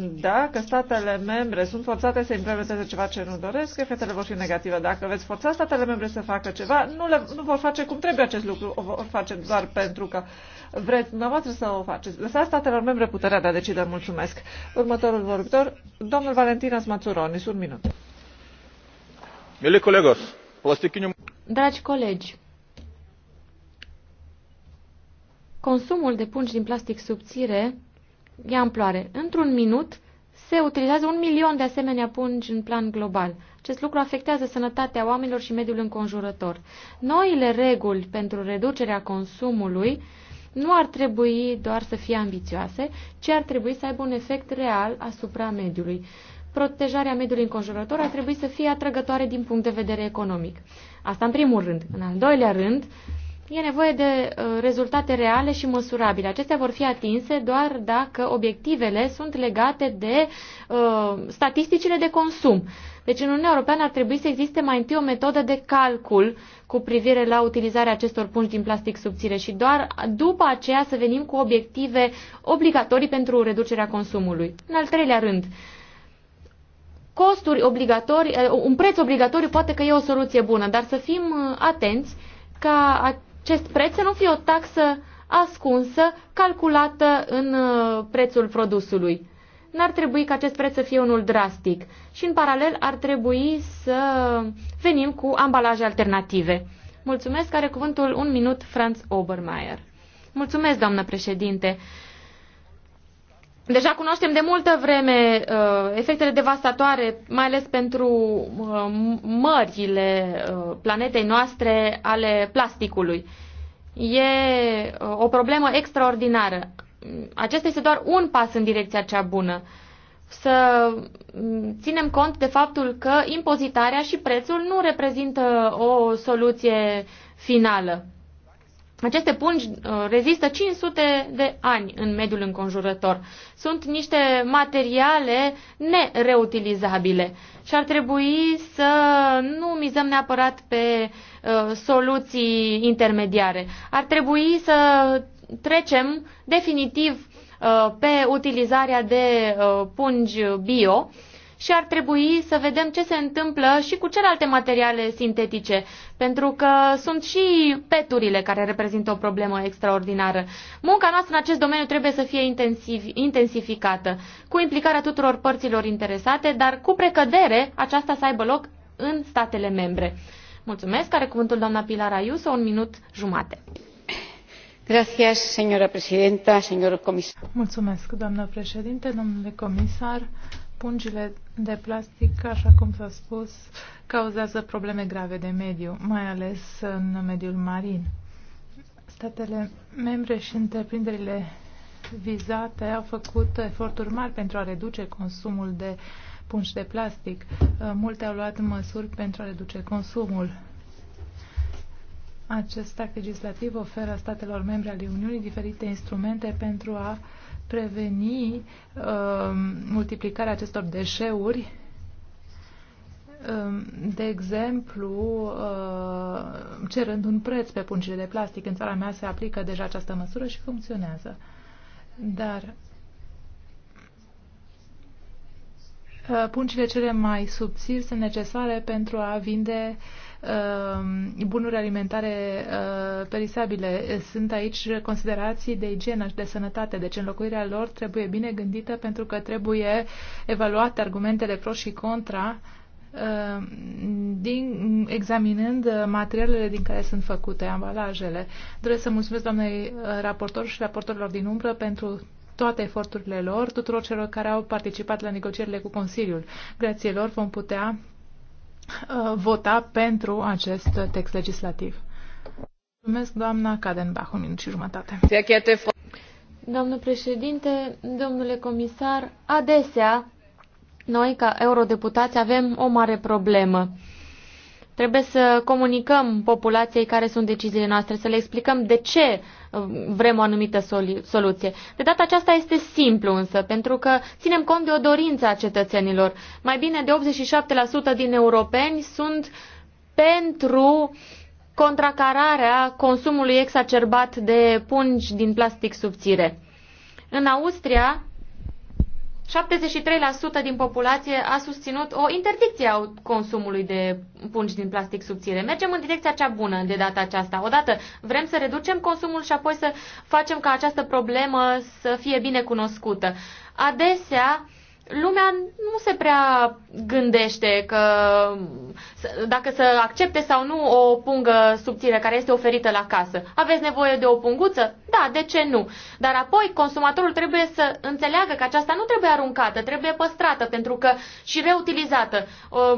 Dacă statele membre sunt forțate să implementeze ceva ce nu doresc, efectele vor fi negative. Dacă veți forța statele membre să facă ceva, nu, le, nu vor face cum trebuie acest lucru, o vor face doar pentru că vreți dumneavoastră să o faceți. Lăsați statelor membre puterea de a decide. Mulțumesc. Următorul vorbitor, domnul Valentina Smațuronis, un minut. Dragi colegi, consumul de pungi din plastic subțire ia amploare. Într-un minut se utilizează un milion de asemenea pungi în plan global. Acest lucru afectează sănătatea oamenilor și mediul înconjurător. Noile reguli pentru reducerea consumului nu ar trebui doar să fie ambițioase, ci ar trebui să aibă un efect real asupra mediului. Protejarea mediului înconjurător ar trebui să fie atrăgătoare din punct de vedere economic. Asta în primul rând. În al doilea rând, E nevoie de uh, rezultate reale și măsurabile. Acestea vor fi atinse doar dacă obiectivele sunt legate de uh, statisticile de consum. Deci în Uniunea Europeană ar trebui să existe mai întâi o metodă de calcul cu privire la utilizarea acestor pungi din plastic subțire și doar după aceea să venim cu obiective obligatorii pentru reducerea consumului. În al treilea rând, costuri obligatorii, uh, un preț obligatoriu poate că e o soluție bună, dar să fim uh, atenți ca acest preț să nu fie o taxă ascunsă, calculată în uh, prețul produsului. N-ar trebui ca acest preț să fie unul drastic și, în paralel, ar trebui să venim cu ambalaje alternative. Mulțumesc, are cuvântul un minut Franz Obermeier. Mulțumesc, doamnă președinte. Deja cunoaștem de multă vreme uh, efectele devastatoare, mai ales pentru uh, mările uh, planetei noastre ale plasticului. E uh, o problemă extraordinară. Acesta este doar un pas în direcția cea bună. Să mm, ținem cont de faptul că impozitarea și prețul nu reprezintă o soluție finală. Aceste pungi uh, rezistă 500 de ani în mediul înconjurător. Sunt niște materiale nereutilizabile și ar trebui să nu mizăm neapărat pe uh, soluții intermediare. Ar trebui să trecem definitiv uh, pe utilizarea de pungi bio și ar trebui să vedem ce se întâmplă și cu celelalte materiale sintetice, pentru că sunt și peturile care reprezintă o problemă extraordinară. Munca noastră în acest domeniu trebuie să fie intensiv, intensificată, cu implicarea tuturor părților interesate, dar cu precădere aceasta să aibă loc în statele membre. Mulțumesc. Are cuvântul doamna Pilar Ayuso, un minut jumate. Gracias, señora presidenta, señor comisar. Mulțumesc, doamnă președinte, domnule comisar. Pungile de plastic, așa cum s-a spus, cauzează probleme grave de mediu, mai ales în mediul marin. Statele membre și întreprinderile vizate au făcut eforturi mari pentru a reduce consumul de pungi de plastic. Uh, multe au luat măsuri pentru a reduce consumul. Acest act legislativ oferă statelor membre ale Uniunii diferite instrumente pentru a preveni uh, multiplicarea acestor deșeuri, um, de exemplu, uh, cerând un preț pe pungile de plastic. În țara mea se aplică deja această măsură și funcționează. Dar uh, pungile cele mai subțiri sunt necesare pentru a vinde uh, Um, bunuri alimentare uh, perisabile. Sunt aici considerații de igienă și de sănătate, deci înlocuirea lor trebuie bine gândită pentru că trebuie evaluate argumentele pro și contra uh, din, examinând materialele din care sunt făcute ambalajele. Doresc să mulțumesc doamnei uh, raportor și raportorilor din umbră pentru toate eforturile lor, tuturor celor care au participat la negocierile cu Consiliul. Grație lor vom putea Uh, vota pentru acest text legislativ. Mulțumesc, doamna Cadenbach, un minut și jumătate. Domnul președinte, domnule comisar, adesea noi, ca eurodeputați, avem o mare problemă. Trebuie să comunicăm populației care sunt deciziile noastre, să le explicăm de ce uh, vrem o anumită soluție. De data aceasta este simplu însă, pentru că ținem cont de o dorință a cetățenilor. Mai bine de 87% din europeni sunt pentru contracararea consumului exacerbat de pungi din plastic subțire. În Austria, 73% din populație a susținut o interdicție a consumului de pungi din plastic subțire. Mergem în direcția cea bună de data aceasta. Odată vrem să reducem consumul și apoi să facem ca această problemă să fie bine cunoscută. Adesea, lumea nu se prea gândește că dacă să accepte sau nu o pungă subțire care este oferită la casă. Aveți nevoie de o punguță? Da, de ce nu? Dar apoi consumatorul trebuie să înțeleagă că aceasta nu trebuie aruncată, trebuie păstrată pentru că și reutilizată,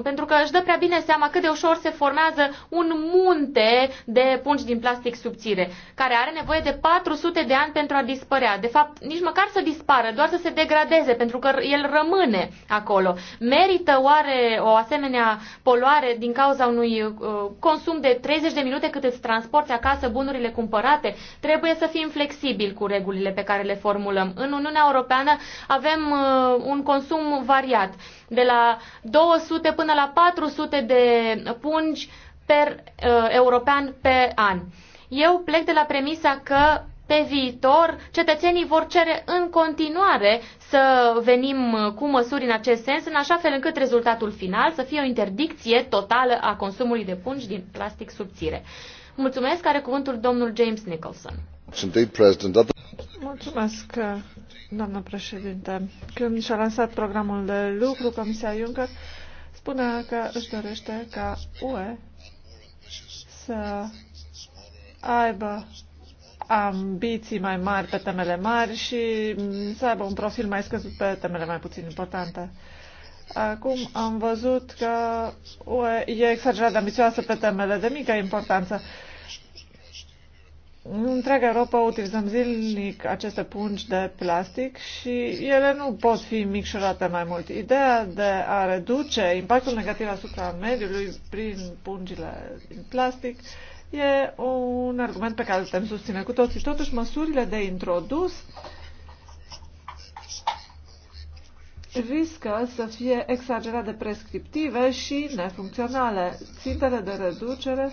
pentru că își dă prea bine seama cât de ușor se formează un munte de pungi din plastic subțire, care are nevoie de 400 de ani pentru a dispărea. De fapt, nici măcar să dispară, doar să se degradeze, pentru că el rămâne acolo. Merită oare o asemenea poluare din cauza unui uh, consum de 30 de minute cât îți transporti acasă bunurile cumpărate? Trebuie să fim flexibili cu regulile pe care le formulăm. În Uniunea Europeană avem uh, un consum variat, de la 200 până la 400 de pungi per uh, european pe an. Eu plec de la premisa că pe viitor cetățenii vor cere în continuare să venim uh, cu măsuri în acest sens, în așa fel încât rezultatul final să fie o interdicție totală a consumului de pungi din plastic subțire. Mulțumesc, are cuvântul domnul James Nicholson. Da. Mulțumesc, uh, doamnă președinte. Când și-a lansat programul de lucru, Comisia Juncker spune că își dorește ca UE să aibă ambiții mai mari pe temele mari și să aibă un profil mai scăzut pe temele mai puțin importante. Acum am văzut că UE e exagerat de ambițioasă pe temele de mică importanță. În întreaga Europa utilizăm zilnic aceste pungi de plastic și ele nu pot fi micșorate mai mult. Ideea de a reduce impactul negativ asupra mediului prin pungile din plastic E un argument pe care îl putem susține cu toții. Totuși, măsurile de introdus riscă să fie exagerat de prescriptive și nefuncționale. Țintele de reducere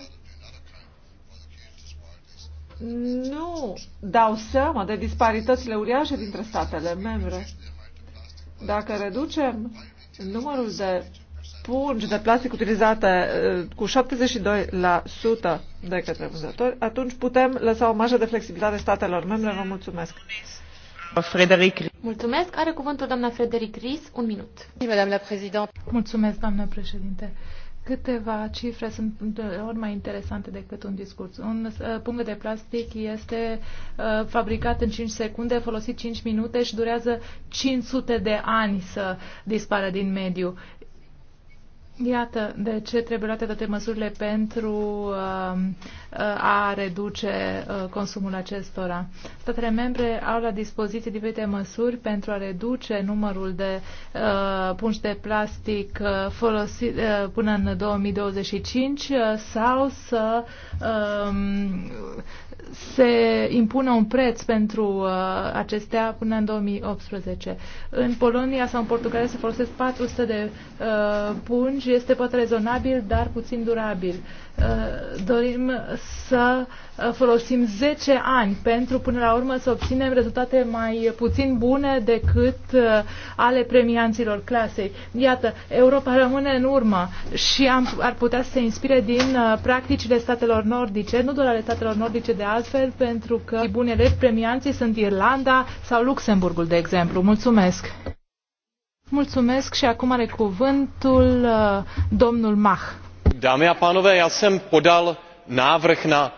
nu dau seama de disparitățile uriașe dintre statele membre. Dacă reducem numărul de pungi de plastic utilizate eh, cu 72% de către vânzători, atunci putem lăsa o marjă de flexibilitate statelor membre. Vă mulțumesc! Frederic. Mulțumesc. Are cuvântul doamna Frederic Ries. Un minut. Mulțumesc, doamnă președinte. Câteva cifre sunt ori mai interesante decât un discurs. Un uh, pungă de plastic este uh, fabricat în 5 secunde, folosit 5 minute și durează 500 de ani să dispară din mediu. Iată de ce trebuie luate toate măsurile pentru uh, a reduce uh, consumul acestora. Statele membre au la dispoziție diferite măsuri pentru a reduce numărul de uh, pungi de plastic uh, folosit uh, până în 2025 uh, sau să uh, se impune un preț pentru uh, acestea până în 2018. În Polonia sau în Portugalia se folosesc 400 de uh, pungi, este poate rezonabil, dar puțin durabil. Uh, dorim să uh, Uh, folosim 10 ani pentru până la urmă să obținem rezultate mai puțin bune decât uh, ale premianților clasei. Iată, Europa rămâne în urmă și am, ar putea să se inspire din uh, practicile statelor nordice, nu doar ale statelor nordice de altfel, pentru că bunele premianții sunt Irlanda sau Luxemburgul, de exemplu. Mulțumesc! Mulțumesc și acum are cuvântul domnul Mach. Dame a pánové, já jsem podal návrh na...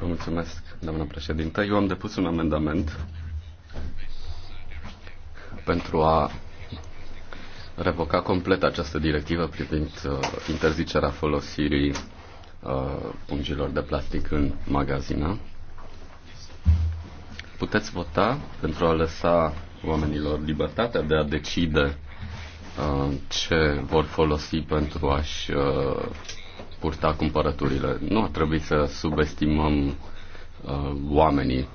mulțumesc, doamnă președinte. Eu am depus un amendament pentru a revoca complet această directivă privind uh, interzicerea folosirii uh, pungilor de plastic în magazină. Puteți vota pentru a lăsa oamenilor libertatea de a decide uh, ce vor folosi pentru a-și uh, purta cumpărăturile. Nu ar trebui să subestimăm uh, oamenii.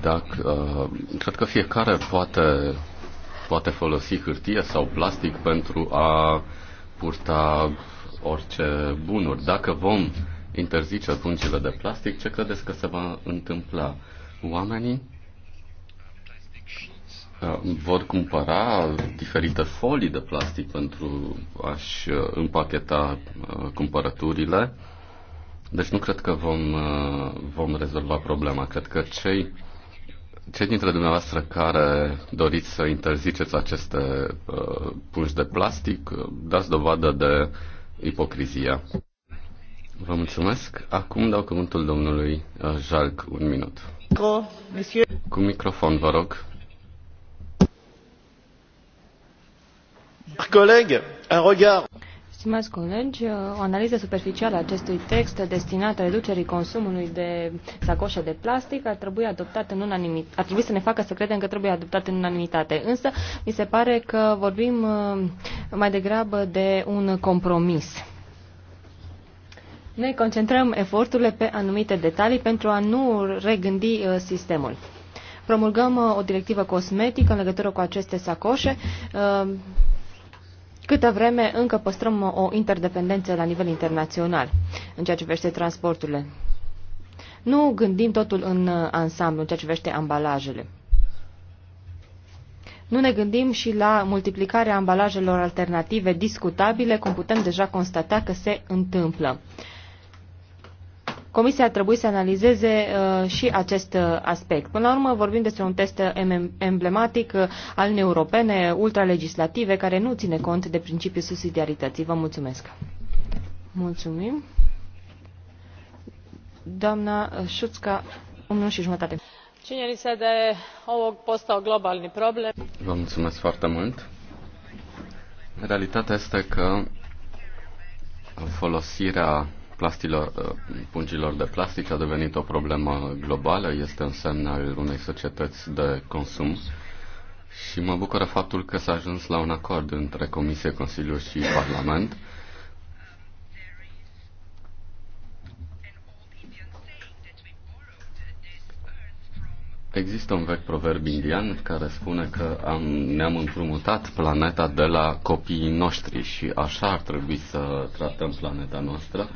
Dacă, uh, cred că fiecare poate, poate folosi hârtie sau plastic pentru a purta orice bunuri. Dacă vom interzice pungile de plastic, ce credeți că se va întâmpla? Oamenii vor cumpăra diferite folii de plastic pentru a-și uh, împacheta uh, cumpărăturile. Deci nu cred că vom, uh, vom rezolva problema. Cred că cei, cei dintre dumneavoastră care doriți să interziceți aceste pungi de plastic, dați dovadă de ipocrizia. Vă mulțumesc. Acum dau cuvântul domnului Jalc un minut. Cu microfon, vă rog. un Stimați colegi, o analiză superficială a acestui text destinat reducerii consumului de sacoșe de plastic ar trebui adoptat în unanimitate. Ar trebui să ne facă să credem că trebuie adoptat în unanimitate. Însă, mi se pare că vorbim uh, mai degrabă de un compromis. Ne concentrăm eforturile pe anumite detalii pentru a nu regândi uh, sistemul. Promulgăm uh, o directivă cosmetică în legătură cu aceste sacoșe câtă vreme încă păstrăm o interdependență la nivel internațional în ceea ce privește transporturile. Nu gândim totul în uh, ansamblu, în ceea ce privește ambalajele. Nu ne gândim și la multiplicarea ambalajelor alternative discutabile, cum putem deja constata că se întâmplă. Uh, Comisia ar trebui să analizeze uh, și acest uh, aspect. Până la urmă vorbim despre un test uh, emblematic al Uniunii Europene, ultralegislative, care nu ține cont de principiul subsidiarității. Vă mulțumesc! Mulțumim! Doamna Șuțca, un minut și jumătate. Činjenica da de postă o globalni problem. Vă mulțumesc foarte mult. Realitatea este că folosirea plastilor, uh, pungilor de plastic a devenit o problemă globală, este un semn al unei societăți de consum și mă bucură faptul că s-a ajuns la un acord între Comisie, Consiliu și Parlament Există un vechi proverb indian care spune că am, ne-am împrumutat planeta de la copiii noștri și așa ar trebui să tratăm planeta noastră.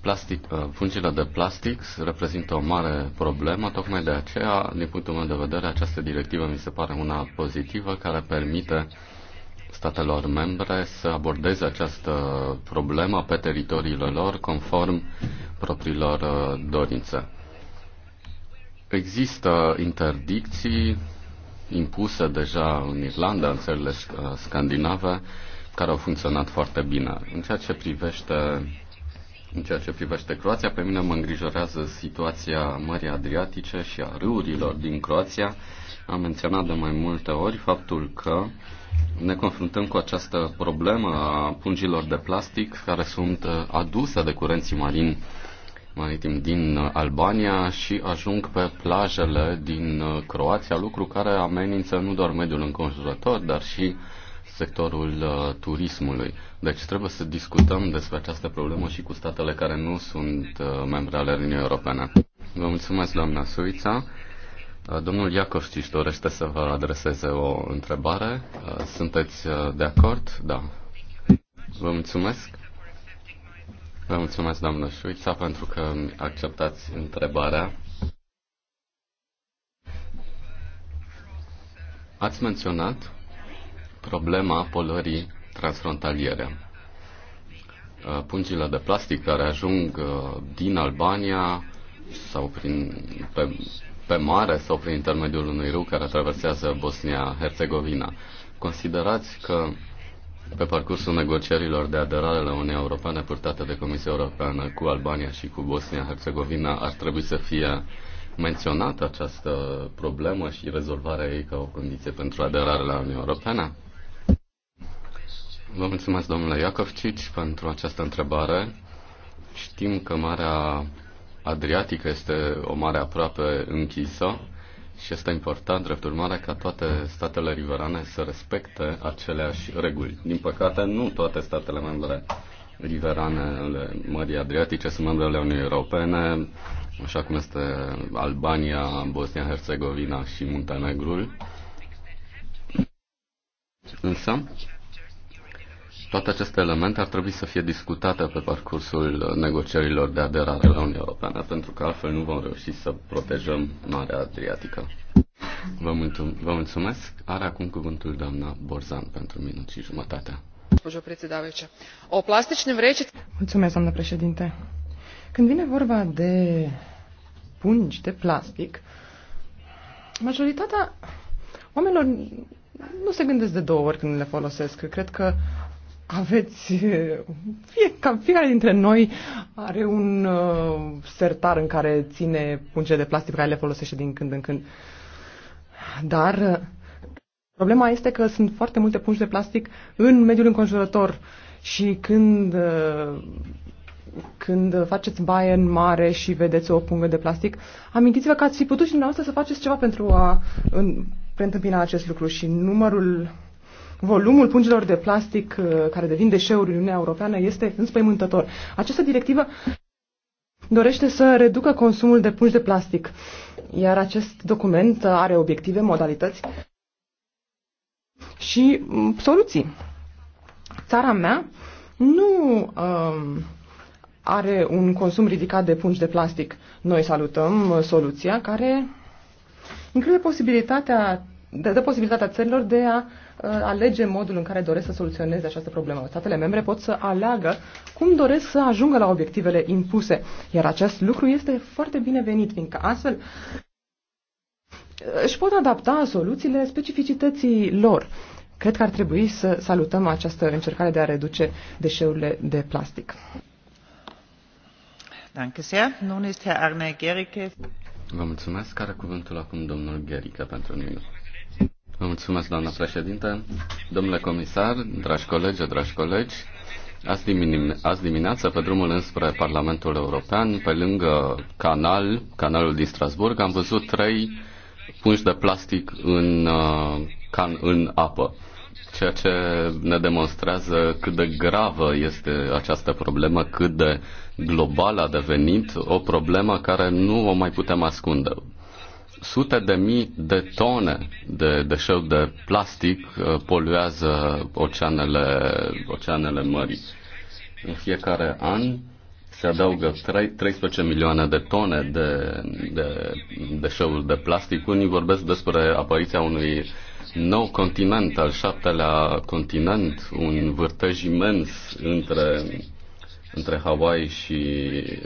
Plastic, uh, fungile de plastic reprezintă o mare problemă, tocmai de aceea, din punctul meu de vedere, această directivă mi se pare una pozitivă care permite statelor membre să abordeze această problemă pe teritoriile lor conform propriilor uh, dorințe. Există interdicții impuse deja în Irlanda, în țările uh, scandinave, care au funcționat foarte bine. În ceea ce privește în ceea ce privește Croația, pe mine mă îngrijorează situația Mării Adriatice și a râurilor din Croația. Am menționat de mai multe ori faptul că ne confruntăm cu această problemă a pungilor de plastic care sunt uh, aduse de curenții marini maritim din uh, Albania și ajung pe plajele din uh, Croația, lucru care amenință nu doar mediul înconjurător, dar și sectorul uh, turismului. Deci trebuie să discutăm despre această problemă și cu statele care nu sunt uh, membre ale Uniunii Europene. Vă mulțumesc, doamna Suița. Uh, domnul își dorește să vă adreseze o întrebare. Sunteți de acord? Da. Vă mulțumesc. Vă mulțumesc, doamnă Șuița, pentru că acceptați întrebarea. Ați menționat problema polării transfrontaliere. Uh, pungile de plastic care ajung uh, din Albania sau prin, pe, pe mare sau prin intermediul unui râu care traversează Bosnia-Herzegovina. Considerați că pe parcursul negocierilor de aderare la Uniunea Europeană purtate de Comisia Europeană cu Albania și cu Bosnia-Herzegovina ar trebui să fie menționată această problemă și rezolvarea ei ca o condiție pentru aderare la Uniunea Europeană? Vă mulțumesc, domnule Iacovcici, pentru această întrebare. Știm că Marea Adriatică este o mare aproape închisă și este important, drept urmare, ca toate statele riverane să respecte aceleași reguli. Din păcate, nu toate statele membre riverane ale Mării Adriatice sunt membre ale Uniunii Europene, așa cum este Albania, Bosnia-Herzegovina și Muntenegrul. Însă, toate aceste elemente ar trebui să fie discutate pe parcursul negocierilor de aderare la Uniunea Europeană, pentru că altfel nu vom reuși să protejăm Marea Adriatică. Vă, mulțum- vă mulțumesc. Are acum cuvântul doamna Borzan pentru minut și jumătate. O Mulțumesc, doamnă președinte. Când vine vorba de pungi de plastic, majoritatea oamenilor nu se gândesc de două ori când le folosesc. Cred că aveți, fie, cam fiecare dintre noi are un uh, sertar în care ține punge de plastic pe care le folosește din când în când. Dar uh, problema este că sunt foarte multe pungi de plastic în mediul înconjurător și când, uh, când faceți baie în mare și vedeți o pungă de plastic, amintiți-vă că ați fi putut și dumneavoastră să faceți ceva pentru a în, preîntâmpina acest lucru și numărul volumul pungilor de plastic uh, care devin deșeuri în Uniunea Europeană este înspăimântător. Această directivă dorește să reducă consumul de pungi de plastic, iar acest document are obiective, modalități și mm, soluții. Țara mea nu um, are un consum ridicat de pungi de plastic. Noi salutăm uh, soluția care include posibilitatea, dă posibilitatea țărilor de a uh, Uh, alege modul în care doresc să soluționeze această problemă. Statele membre pot să aleagă cum doresc să ajungă la obiectivele impuse, iar acest lucru este foarte binevenit, fiindcă astfel uh, își pot adapta soluțiile specificității lor. Cred că ar trebui să salutăm această încercare de a reduce deșeurile de plastic. Danke sehr. Nun ist Herr Arne Gericke. Vă mulțumesc. Care cuvântul acum domnul Gherică pentru un minut. Vă mulțumesc, doamna președinte. Domnule comisar, dragi colegi, dragi colegi, azi, dimine- azi dimineață, pe drumul înspre Parlamentul European, pe lângă canal, canalul din Strasburg, am văzut trei pungi de plastic în, uh, can, în apă ceea ce ne demonstrează cât de gravă este această problemă, cât de global a devenit o problemă care nu o mai putem ascunde sute de mii de tone de deșeu de plastic uh, poluează oceanele, oceanele mării. În fiecare an se adaugă 3, 13 milioane de tone de, de deșeuri de plastic. Unii vorbesc despre apariția unui nou continent, al șaptelea continent, un vârtej imens între, între Hawaii și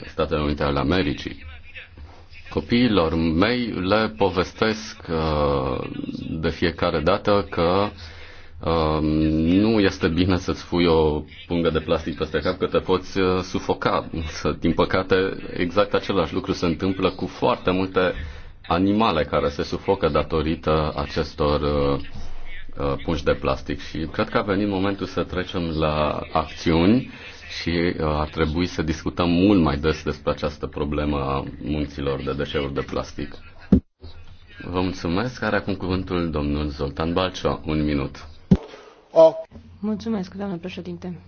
Statele Unite ale Americii. Copiilor mei le povestesc uh, de fiecare dată că um, nu este bine să-ți fui o pungă de plastic peste cap că te poți uh, sufoca. Însă, din păcate, exact același lucru se întâmplă cu foarte multe animale care se sufocă datorită acestor uh, pungi de plastic. Și cred că a venit momentul să trecem la acțiuni și uh, ar trebui să discutăm mult mai des despre această problemă a munților de deșeuri de plastic. Vă mulțumesc. Are acum cuvântul domnul Zoltan Balcio. Un minut. Mulțumesc, doamnă președinte.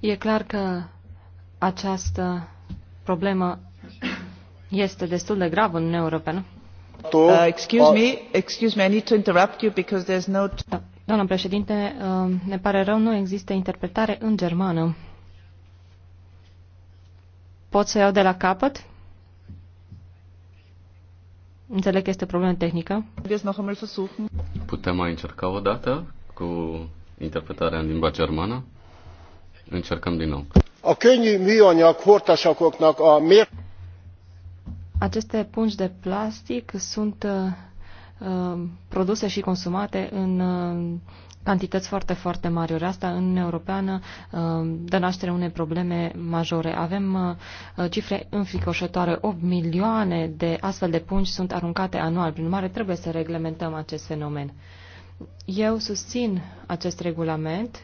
E clar că această problemă este destul de grav în Uniunea Europeană. Uh, uh excuse me, uh, excuse me, I need to interrupt you because there's no... Da. Doamna președinte, uh, ne pare rău, nu există interpretare în germană. Pot să iau de la capăt? Înțeleg că este o problemă tehnică. Putem mai încerca o dată cu interpretarea în limba germană? Încercăm din nou. A könnyű műanyag hortasakoknak a mér... Aceste pungi de plastic sunt uh, uh, produse și consumate în uh, cantități foarte, foarte mari. Ori asta în Europeană uh, dă naștere unei probleme majore. Avem uh, uh, cifre înfricoșătoare. 8 milioane de astfel de pungi sunt aruncate anual. Prin urmare, trebuie să reglementăm acest fenomen. Eu susțin acest regulament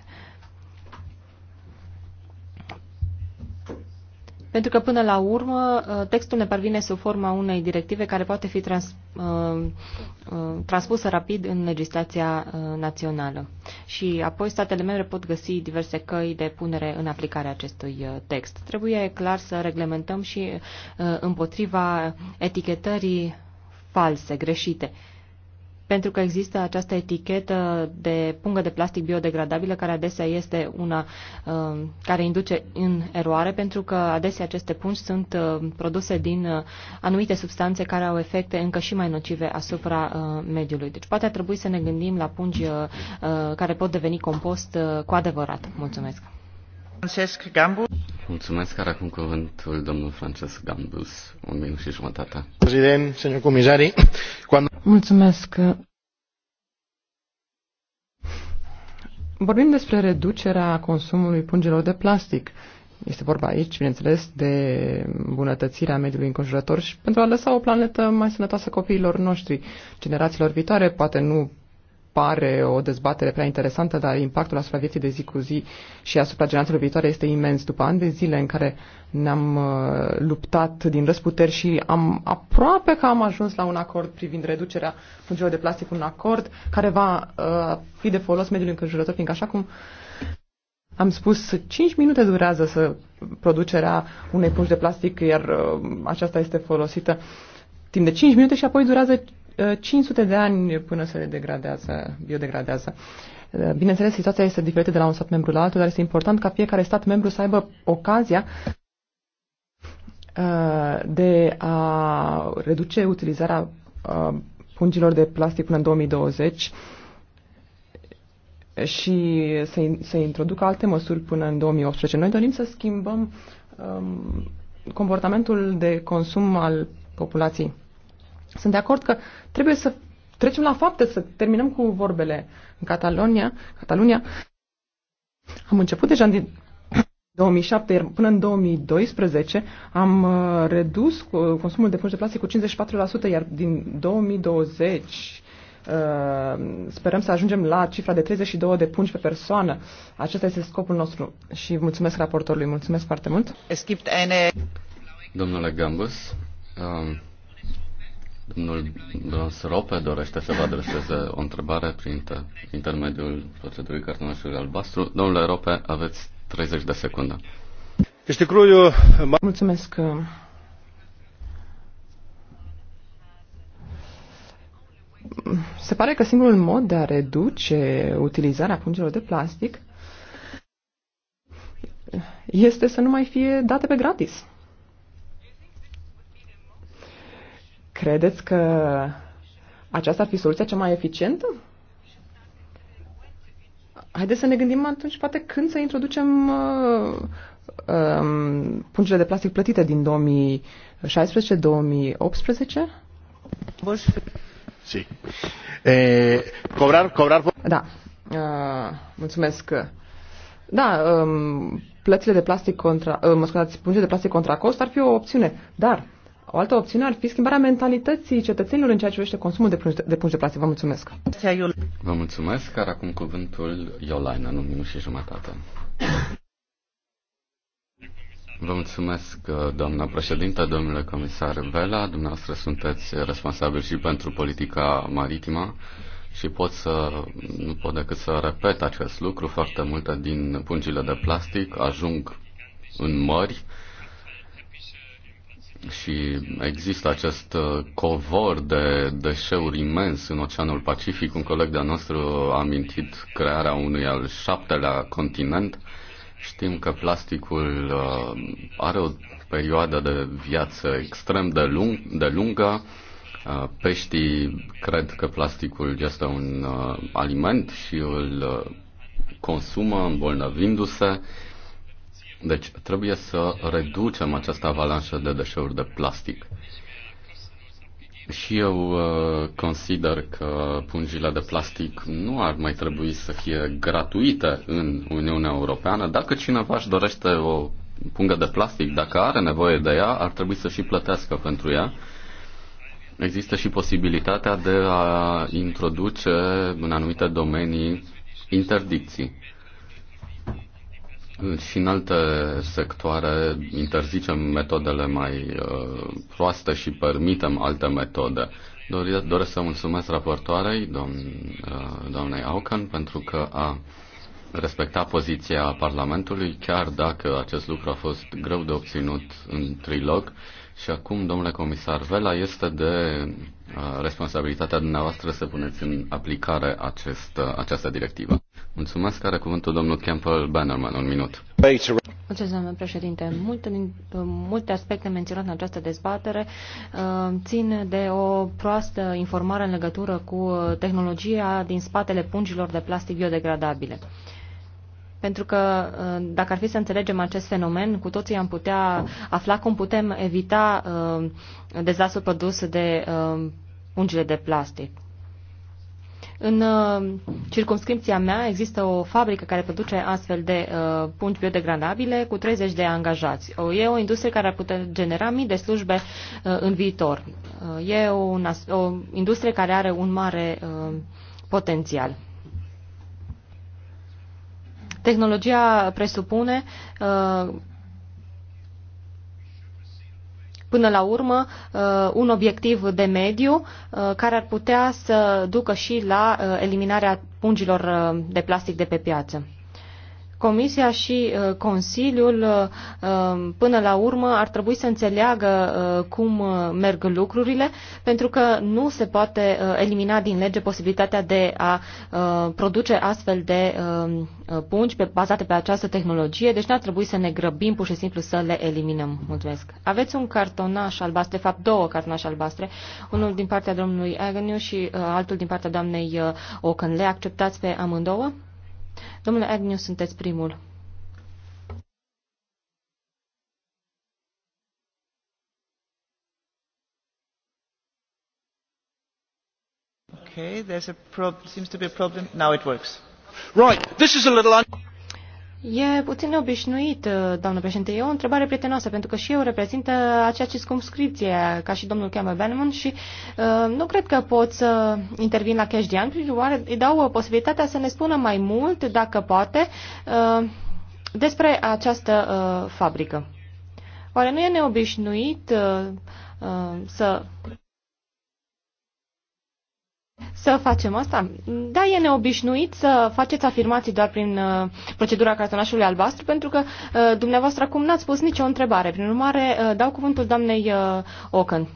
pentru că până la urmă uh, textul ne parvine sub forma unei directive care poate fi trans, uh, uh, transpusă rapid în legislația națională. Și apoi statele membre pot găsi diverse căi de punere în aplicare a acestui text. Trebuie clar să reglementăm și împotriva etichetării false, greșite pentru că există această etichetă de pungă de plastic biodegradabilă, care adesea este una uh, care induce în eroare, pentru că adesea aceste pungi sunt uh, produse din uh, anumite substanțe care au efecte încă și mai nocive asupra mediului. Deci poate ar trebui să ne gândim la pungi care pot deveni compost cu adevărat. Mulțumesc! Francesc Gambu. Mulțumesc, care acum cuvântul domnul Francesc Gambus, un minut și jumătate. Prezident, senior comisarii, cuando... Mulțumesc. Vorbim despre reducerea consumului pungelor de plastic. Este vorba aici, bineînțeles, de bunătățirea mediului înconjurător și pentru a lăsa o planetă mai sănătoasă copiilor noștri, generațiilor viitoare, poate nu pare o dezbatere prea interesantă, dar impactul asupra vieții de zi cu zi și asupra generațiilor viitoare este imens. După ani de zile în care ne-am uh, luptat din răsputeri și am aproape că am ajuns la un acord privind reducerea fungilor de plastic, un acord care va uh, fi de folos mediului înconjurător, fiindcă așa cum am spus, 5 minute durează să producerea unei pungi de plastic, iar uh, aceasta este folosită timp de 5 minute și apoi durează 500 eh, de ani până se degradează, biodegradează. Eh, bineînțeles, situația este diferită de la un stat membru la altul, dar este important ca fiecare stat membru să aibă ocazia eh, de a reduce utilizarea pungilor de plastic până în 2020 și să, să introducă alte măsuri până în 2018. Noi dorim să schimbăm um, comportamentul de consum al populației. Sunt de acord că trebuie să trecem la fapte, să terminăm cu vorbele. În Catalonia, Catalonia, am început deja din 2007, iar până în 2012 am uh, redus uh, consumul de pungi de plastic cu 54%, iar din 2020 uh, sperăm să ajungem la cifra de 32 de pungi pe persoană. Acesta este scopul nostru și mulțumesc raportorului, mulțumesc foarte mult. Domnule Gambus, um... Domnul Brons Rope dorește să vă adreseze o întrebare prin intermediul procedurii cartonașului albastru. Domnule Rope, aveți 30 de secunde. Mulțumesc. Se pare că singurul mod de a reduce utilizarea pungilor de plastic este să nu mai fie date pe gratis. Credeți că aceasta ar fi soluția cea mai eficientă? Haideți să ne gândim atunci poate când să introducem uh, uh, pungile de plastic plătite din 2016-2018? Sí. Eh, cobrar, cobrar... Da. Uh, mulțumesc. Da, um, plățile de plastic contra, uh, mă scuzați, pungile de plastic contra cost ar fi o opțiune, dar o altă opțiune ar fi schimbarea mentalității cetățenilor în ceea ce privește consumul de prunci de, de, de plastic. Vă mulțumesc! Vă mulțumesc, care acum cuvântul Iolaina, nu un minut și jumătate. Vă mulțumesc, doamna președintă, domnule comisar Vela. Dumneavoastră sunteți responsabil și pentru politica maritimă și pot să, nu pot decât să repet acest lucru. Foarte multe din pungile de plastic ajung în mări și există acest uh, covor de deșeuri imens în Oceanul Pacific. Un coleg de-a nostru a amintit crearea unui al șaptelea continent. Știm că plasticul uh, are o perioadă de viață extrem de, lung, de lungă. Uh, peștii cred că plasticul este un aliment și îl consumă îmbolnăvindu-se. Deci trebuie să reducem această avalanșă de deșeuri de plastic. Și eu uh, consider că pungile de plastic nu ar mai trebui să fie gratuite în Uniunea Europeană. Dacă cineva își dorește o pungă de plastic, dacă are nevoie de ea, ar trebui să și plătească pentru ea. Există și posibilitatea de a introduce în anumite domenii interdicții și în alte sectoare interzicem metodele mai uh, proaste și permitem alte metode. Doresc să mulțumesc raportoarei, uh, doamnei Aucan, pentru că a respecta poziția Parlamentului, chiar dacă acest lucru a fost greu de obținut în trilog. Și acum, domnule comisar Vela, este de Uh, responsabilitatea dumneavoastră să puneți în aplicare acest, uh, această directivă. Mulțumesc, care cuvântul domnul Campbell Bannerman, un minut. Mulțumesc, domnule președinte. Multe, uh, multe aspecte menționate în această dezbatere țin de o proastă informare în legătură cu tehnologia din spatele pungilor de plastic biodegradabile. Pentru că uh, dacă ar fi să înțelegem acest fenomen, cu toții am putea afla cum putem evita uh, dezastrul produs de uh, ungile de plastic. În circunscripția circumscripția mea există o fabrică care produce astfel de pungi biodegradabile cu 30 de angajați. e o industrie care ar putea genera mii de slujbe în viitor. e o, industrie care are un mare potențial. Tehnologia presupune uh, până la urmă uh, un obiectiv de mediu uh, care ar putea să ducă și la eliminarea pungilor de plastic de pe piață. Comisia și uh, Consiliul uh, um, până la urmă ar trebui să înțeleagă uh, cum merg lucrurile, pentru că nu se poate elimina din lege posibilitatea de a produce astfel de um, pungi pe, bazate pe această tehnologie, deci nu ar trebui să ne grăbim pur și simplu să le eliminăm. Mulțumesc. Aveți un cartonaș albastru, de fapt două cartonașe albastre, unul din partea domnului Agnew și altul din partea doamnei Ocan. Le acceptați pe amândouă? Domnule Agnew, sunteți primul. Okay, there's a problem. Seems to be a problem. Now it works. Right. This is a little. E puțin neobișnuit, uh, doamnă președinte. E o întrebare prietenoasă, pentru că și eu reprezintă acea circumscripție, ca și domnul Cameron Bannerman, și uh, nu cred că pot să intervin la cash de ani, prin îi dau uh, posibilitatea să ne spună mai mult, dacă poate, uh, despre această uh, fabrică. Oare nu e neobișnuit uh, uh, să să facem asta? Da, e neobișnuit să faceți afirmații doar prin uh, procedura cartonașului albastru, pentru că uh, dumneavoastră acum n-ați pus nicio întrebare. Prin urmare, uh, dau cuvântul doamnei uh, Ocan.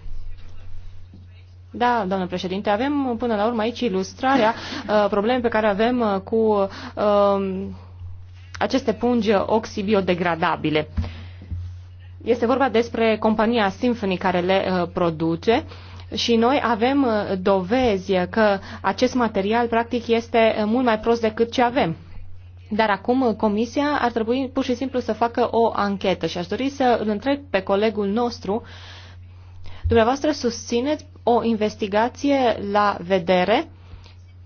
Da, doamnă președinte, avem uh, până la urmă aici ilustrarea uh, problemei pe care avem uh, cu uh, aceste pungi oxibiodegradabile. Este vorba despre compania Symphony care le uh, produce. Uh, și noi avem uh, dovezi că acest material practic este uh, mult mai prost decât ce avem. Dar acum uh, comisia ar trebui pur și simplu să facă o anchetă și aș dori să îl întreb pe colegul nostru. Dumneavoastră susțineți o investigație la vedere?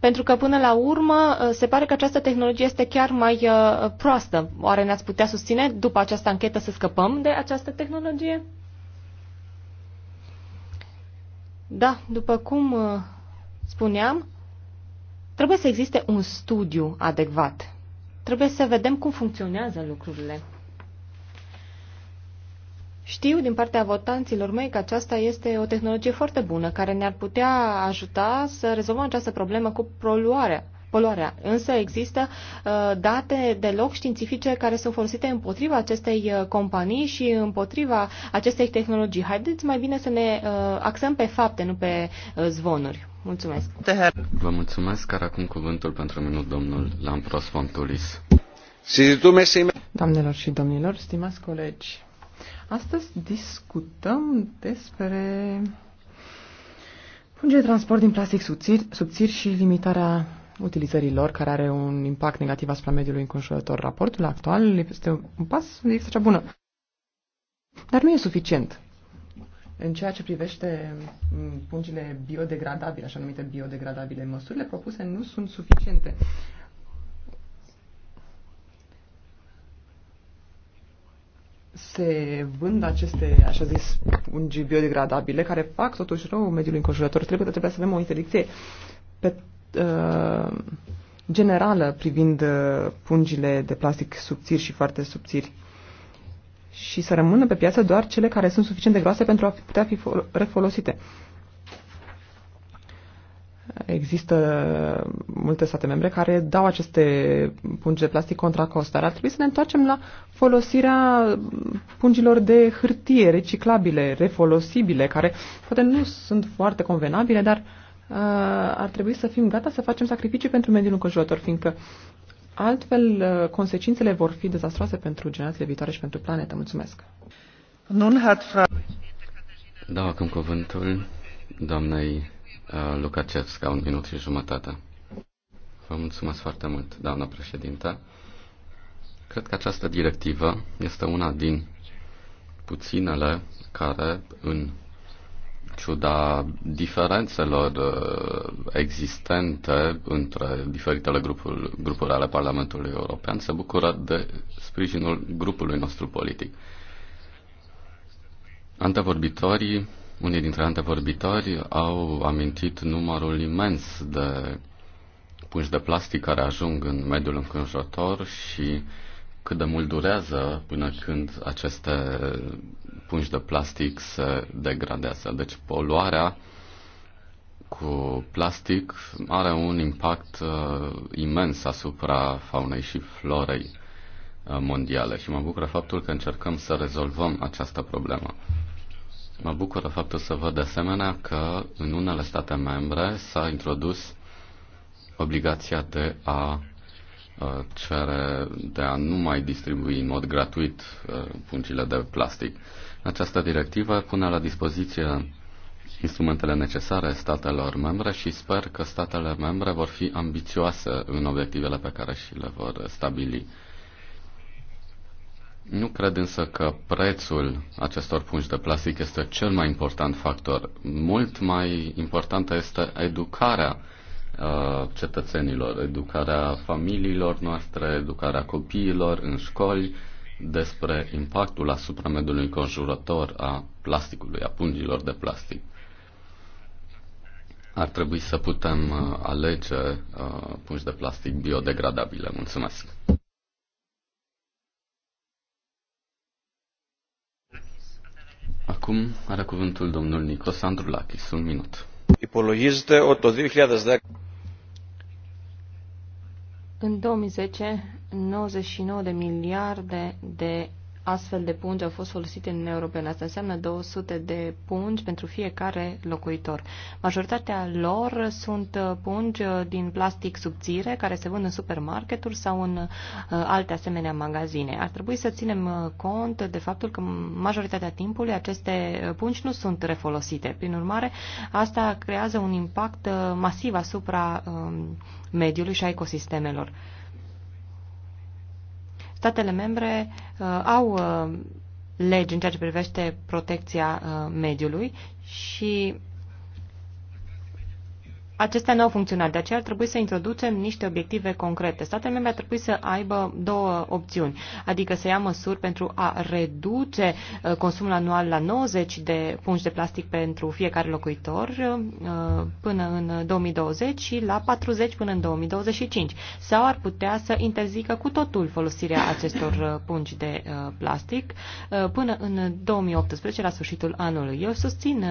Pentru că până la urmă se pare că această tehnologie este chiar mai proastă. Oare ne-ați putea susține după această anchetă să scăpăm de această tehnologie? Da, după cum uh, spuneam, trebuie să existe un studiu adecvat. Trebuie să vedem cum funcționează lucrurile. Știu din partea votanților mei că aceasta este o tehnologie foarte bună care ne-ar putea ajuta să rezolvăm această problemă cu proluarea poluarea. Însă există uh, date deloc științifice care sunt folosite împotriva acestei uh, companii și împotriva acestei tehnologii. Haideți mai bine să ne uh, axăm pe fapte, nu pe zvonuri. Mulțumesc. Vă mulțumesc, care acum cuvântul pentru minut domnul Lampros Fontulis. Doamnelor și domnilor, stimați colegi, astăzi discutăm despre funcție de transport din plastic subțiri, subțiri și limitarea utilizării lor, care are un impact negativ asupra mediului înconjurător. Raportul actual este un pas în direcția cea bună. Dar nu e suficient. În ceea ce privește mm, pungile biodegradabile, așa numite biodegradabile, măsurile propuse nu sunt suficiente. se vând aceste, așa zis, ungi biodegradabile, care fac totuși rău mediului înconjurător. Trebuie, trebuie să avem o interdicție pe Uh, generală privind uh, pungile de plastic subțiri și foarte subțiri și să rămână pe piață doar cele care sunt suficient de groase pentru a putea fi refolosite. Există multe state membre care dau aceste pungi de plastic contra cost, dar ar trebui să ne întoarcem la folosirea pungilor de hârtie reciclabile, refolosibile, care poate nu sunt foarte convenabile, dar uh, Uh, ar trebui să fim gata să facem sacrificii pentru mediul înconjurător, fiindcă altfel uh, consecințele vor fi dezastroase pentru generațiile viitoare și pentru planetă. Mulțumesc! Nun hat fra... Dau acum cuvântul doamnei uh, Lukacevska, un minut și jumătate. Vă mulțumesc foarte mult, doamna președintă. Cred că această directivă este una din puținele care în ciuda diferențelor uh, existente între diferitele grupuri, grupuri ale Parlamentului European, se bucură de sprijinul grupului nostru politic. Antevorbitorii, unii dintre antevorbitori au amintit numărul imens de pungi de plastic care ajung în mediul înconjurător și uh, cât de mult durează până când aceste pungi de plastic se degradează. Deci poluarea cu plastic are un impact uh, imens asupra faunei și florei uh, mondiale și mă bucură faptul că încercăm să rezolvăm această problemă. Mă bucură faptul să văd de asemenea că în unele state membre s-a introdus obligația de a Uh, cere de a nu mai distribui în mod gratuit pungile uh, de plastic. Această directivă pune la dispoziție instrumentele necesare statelor membre și sper că statele membre vor fi ambițioase în obiectivele pe care și le vor stabili. Nu cred însă că prețul acestor pungi de plastic este cel mai important factor. Mult mai importantă este educarea cetățenilor, educarea familiilor noastre, educarea copiilor în școli, despre impactul asupra mediului conjurător a plasticului, a pungilor de plastic. Ar trebui să putem uh, alege uh, pungi de plastic biodegradabile. Mulțumesc! Acum are cuvântul domnul Nicos Andrulakis. Un minut. Υπολογίζεται ότι το 2010 în 2010, 99 de miliarde de astfel de pungi au fost folosite în Uniunea Europeană. Asta înseamnă 200 de pungi pentru fiecare locuitor. Majoritatea lor sunt uh, pungi uh, din plastic subțire care se vând în supermarketuri sau în uh, alte asemenea magazine. Ar trebui să ținem cont de faptul că majoritatea timpului aceste pungi nu sunt refolosite. Prin urmare, asta creează un impact masiv asupra um, mediului și a ecosistemelor. Statele membre uh, au uh, legi în ceea ce privește protecția uh, mediului și Acestea nu au funcționat, de aceea ar trebui să introducem niște obiective concrete. Statele membre ar trebui să aibă două opțiuni, adică să ia măsuri pentru a reduce uh, consumul anual la 90 de pungi de plastic pentru fiecare locuitor uh, până în 2020 și la 40 până în 2025. Sau ar putea să interzică cu totul folosirea acestor uh, pungi de plastic până în 2018, la sfârșitul anului. Eu susțin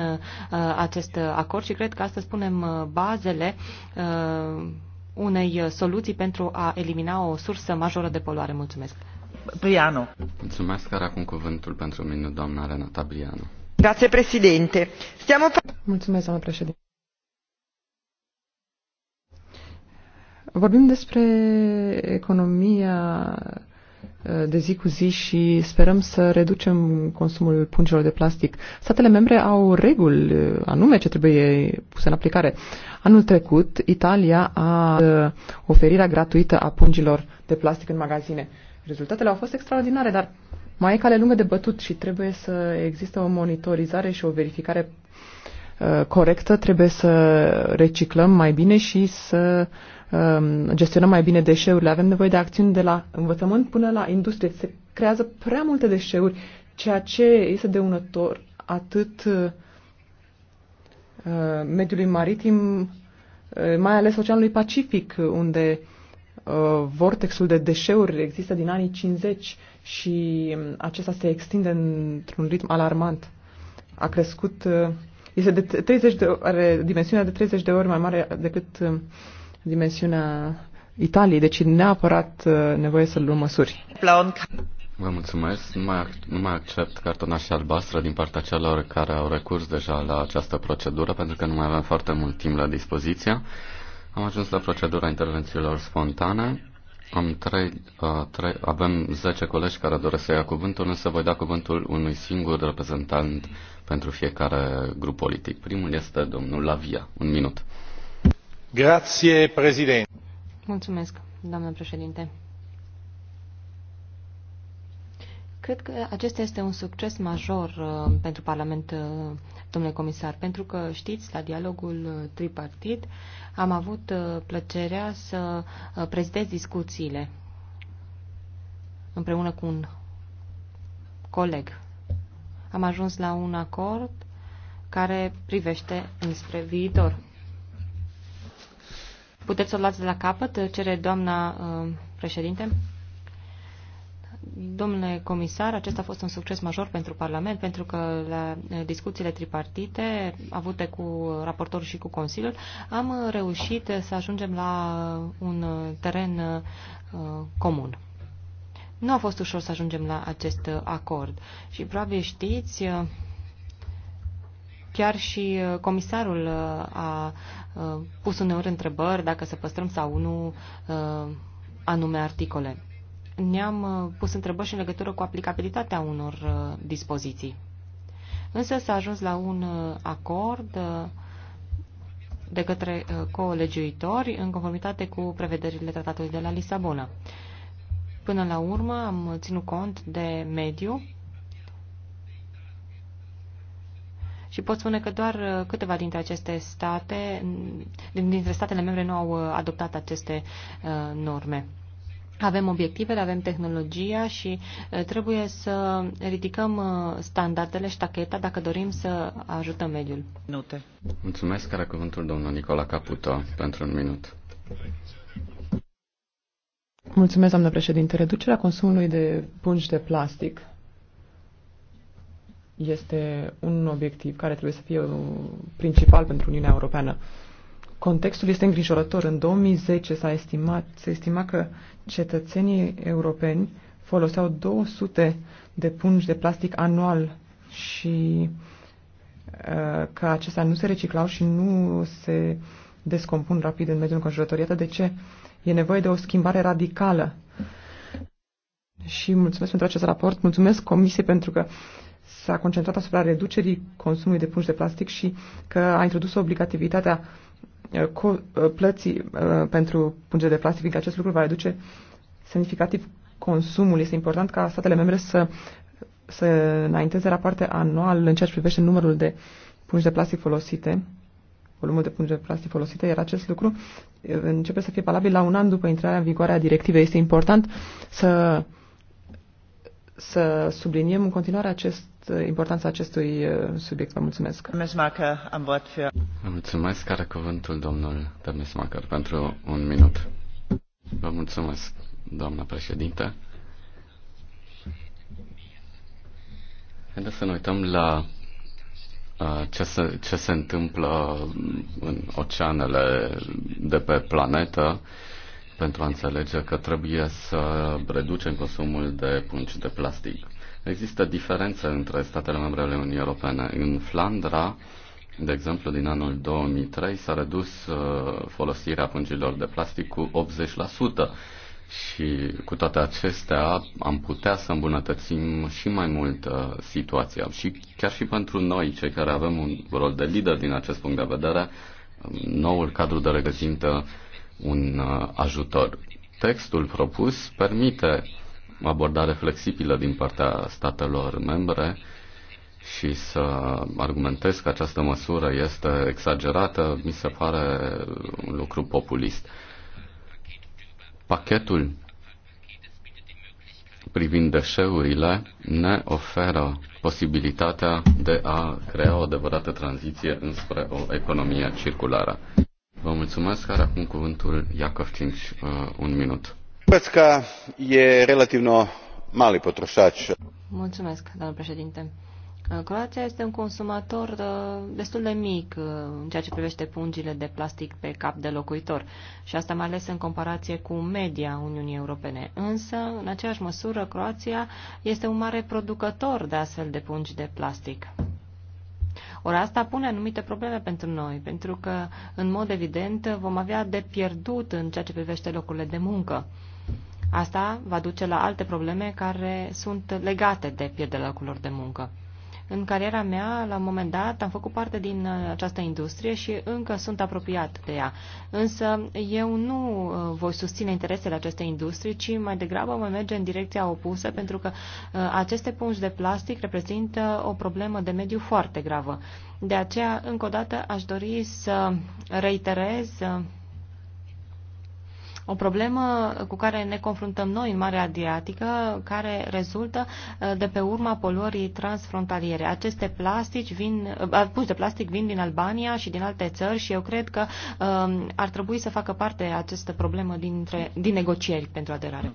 acest acord și cred că astăzi spunem bază bazele uh, unei soluții pentru a elimina o sursă majoră de poluare. Mulțumesc. Briano. Mulțumesc, care acum cuvântul pentru mine, doamna Renata Briano. Grazie, președinte. Stiamo... Mulțumesc, doamna președinte. Vorbim despre economia Eh, de zi cu zi și sperăm să reducem consumul pungilor de plastic. Statele membre au reguli eh, anume ce trebuie puse în aplicare. Anul trecut, Italia a eh, oferirea gratuită a pungilor de plastic în magazine. Rezultatele au fost extraordinare, dar mai e cale lungă de bătut și trebuie să există o monitorizare și o verificare corectă, trebuie să reciclăm mai bine și să uh, Um, gestionăm mai bine deșeurile. Avem nevoie de acțiuni de la învățământ până la industrie. Se creează prea multe deșeuri, ceea ce este deunător atât uh, mediului maritim, uh, mai ales Oceanului Pacific, unde uh, vortexul de deșeuri există din anii 50 și um, acesta se extinde într-un ritm alarmant. A crescut, este de 30 de ori, dimensiunea de 30 de ori mai mare decât dimensiunea Italiei, deci neapărat uh, nevoie să luăm măsuri. Vă mulțumesc. Nu mai, nu mai accept cartonașii albastră din partea celor care au recurs deja la această procedură, pentru că nu mai avem foarte mult timp la dispoziție. Am ajuns la procedura intervențiilor spontane. Am trei, uh, trei, avem 10 colegi care doresc să ia cuvântul, însă voi da cuvântul unui singur reprezentant pentru fiecare grup politic. Primul este domnul Lavia. Un minut. Mulțumesc, doamnă președinte. Cred că acesta este un succes major uh, pentru Parlament, uh, domnule comisar, pentru că știți, la dialogul uh, tripartit am avut plăcerea să prezidez discuțiile împreună cu un coleg. Am ajuns la un acord care privește înspre viitor. Puteți să o luați de la capăt, cere doamna uh, președinte. Domnule comisar, acesta a fost un succes major pentru Parlament, pentru că la uh, discuțiile tripartite avute cu raportorul și cu Consiliul am reușit să ajungem la un teren uh, comun. Nu a fost ușor să ajungem la acest acord și probabil știți Chiar și uh, comisarul uh, a uh, pus uneori întrebări dacă să păstrăm sau nu anume articole. Ne-am pus întrebări și în legătură cu aplicabilitatea unor dispoziții. Însă s-a ajuns la un acord de către colegiuitori în conformitate cu prevederile tratatului de la Lisabona. Până la urmă am ținut cont de mediu Și pot spune că doar uh, câteva dintre aceste state, dintre statele membre nu au uh, adoptat aceste uh, norme. Avem obiectivele, avem tehnologia și trebuie să ridicăm standardele și tacheta dacă dorim să ajutăm mediul. Minute. Mulțumesc, care cuvântul domnul Nicola Caputo, pentru un minut. Mulțumesc, doamnă președinte. Reducerea consumului de pungi de plastic este un obiectiv care trebuie să fie uh, principal pentru Uniunea Europeană. Contextul este îngrijorător. În 2010 s-a estimat, s-a estima că cetățenii europeni foloseau 200 de pungi de plastic anual și uh, că acestea nu se reciclau și nu se descompun rapid în mediul înconjurător. Iată de ce e nevoie de o schimbare radicală. Și mulțumesc pentru acest raport, mulțumesc Comisiei pentru că uh, s-a concentrat asupra reducerii consumului de pungi de plastic și că a introdus obligativitatea uh, uh, plății uh, pentru punge de plastic, fiindcă acest lucru va reduce semnificativ consumul. Este important ca statele membre să, să înainteze rapoarte anual în ceea ce privește numărul de pungi de plastic folosite, volumul de pungi de plastic folosite, iar acest lucru începe să fie valabil la un an după intrarea în vigoare a directivei. Este important să, să subliniem în continuare acest importanța acestui uh, subiect. Vă mulțumesc. Mulțumesc. Are cuvântul domnul Demesmacher pentru un minut. Vă mulțumesc, doamna președinte. Haideți să ne uităm la uh, ce se, ce se întâmplă în oceanele de pe planetă pentru a înțelege că trebuie să reducem consumul de pungi de plastic. Există diferențe între statele membre ale Uniunii Europene. În Flandra, de exemplu, din anul 2003 s-a redus uh, folosirea pungilor de plastic cu 80%. Și cu toate acestea am putea să îmbunătățim și mai mult uh, situația. Și chiar și pentru noi, cei care avem un rol de lider din acest punct de vedere, um, noul cadru de reprezintă un uh, ajutor. Textul propus permite o abordare flexibilă din partea statelor membre și să argumentez că această măsură este exagerată, mi se pare un lucru populist. Pachetul privind deșeurile ne oferă posibilitatea de a crea o adevărată tranziție înspre o economie circulară. Vă mulțumesc, are acum cuvântul Iacov 5, uh, un minut hrvatska je relativno mali potroa doamnă preedintă croaia este un consumator uh, destul de mic uh, în ceea ce privete pungile de plastic pe cap de locuitor i asta mai ales în comparaie cu media uniunii europene însă în aceeai măsură croaia este un mare producător de astfel de pungi de plastic. Ori asta pune anumite probleme pentru noi, pentru că, în mod evident, vom avea de pierdut în ceea ce privește locurile de muncă. Asta va duce la alte probleme care sunt legate de pierderea locurilor de muncă. În cariera mea, la un moment dat, am făcut parte din uh, această industrie și încă sunt apropiat de ea. Însă eu nu uh, voi susține interesele acestei industrii, ci mai degrabă voi merge în direcția opusă, pentru că uh, aceste pungi de plastic reprezintă o problemă de mediu foarte gravă. De aceea, încă o dată, aș dori să reiterez o problemă cu care ne confruntăm noi în Marea Adriatică, care rezultă uh, de pe urma poluării transfrontaliere. Aceste plastici vin, uh, puși de plastic vin din Albania și din alte țări și eu cred că um, ar trebui să facă parte această problemă dintre, din negocieri pentru aderare.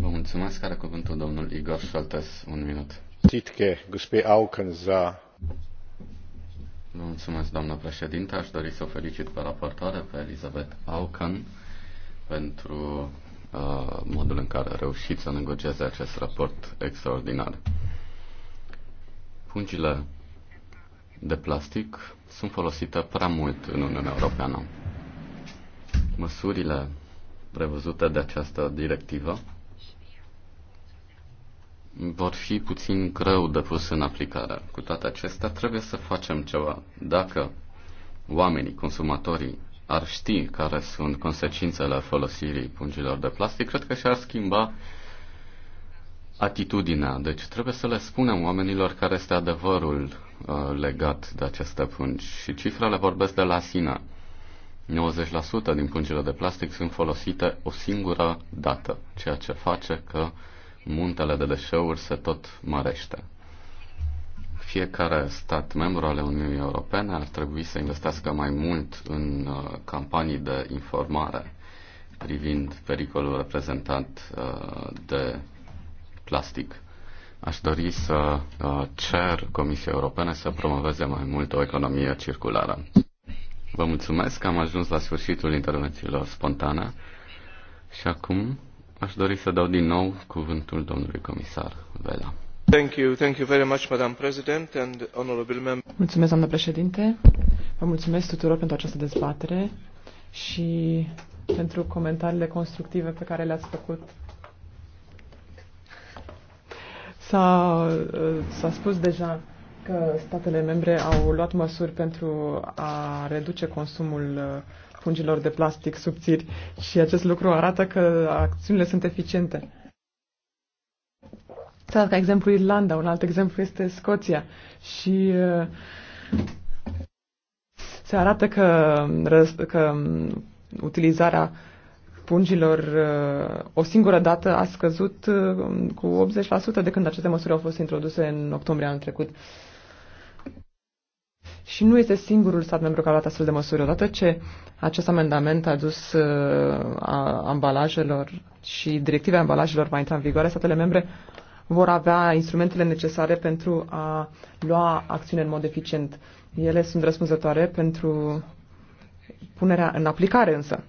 Vă mulțumesc. Are cuvântul domnul Igor Șoltes. Un minut. Titke, gospe Auken, za Vă mulțumesc, doamnă președinte. Aș dori să o felicit pe raportoare, pe Elizabeth Aucan, pentru uh, modul în care a reușit să negocieze acest raport extraordinar. Pungile de plastic sunt folosite prea mult în Uniunea Europeană. Măsurile prevăzute de această directivă vor fi puțin greu de pus în aplicare. Cu toate acestea, trebuie să facem ceva. Dacă oamenii, consumatorii, ar ști care sunt consecințele folosirii pungilor de plastic, cred că și-ar schimba atitudinea. Deci trebuie să le spunem oamenilor care este adevărul uh, legat de aceste pungi. Și cifrele vorbesc de la sine. 90% din pungile de plastic sunt folosite o singură dată, ceea ce face că muntele de deșeuri se tot mărește fiecare stat membru ale Uniunii Europene ar trebui să investească mai mult în uh, campanii de informare privind pericolul reprezentat uh, de plastic. Aș dori să uh, cer Comisiei Europene să promoveze mai mult o economie circulară. Vă mulțumesc, că am ajuns la sfârșitul intervențiilor spontane și acum aș dori să dau din nou cuvântul domnului comisar Vela. Mulțumesc, doamnă președinte. Vă mulțumesc tuturor pentru această dezbatere și pentru comentariile constructive pe care le-ați făcut. S-a, s-a spus deja că statele membre au luat măsuri pentru a reduce consumul fungilor de plastic subțiri și acest lucru arată că acțiunile sunt eficiente. Țara ca exemplu Irlanda, un alt exemplu este Scoția și uh, se arată că, că um, utilizarea pungilor uh, o singură dată a scăzut uh, cu 80% de când aceste măsuri au fost introduse în octombrie anul trecut. Și nu este singurul stat membru care a luat astfel de măsuri. Odată ce acest amendament a dus a ambalajelor și directiva ambalajelor va intra în vigoare, statele membre vor avea instrumentele necesare pentru a lua acțiune în mod eficient. Ele sunt răspunzătoare pentru punerea în aplicare însă.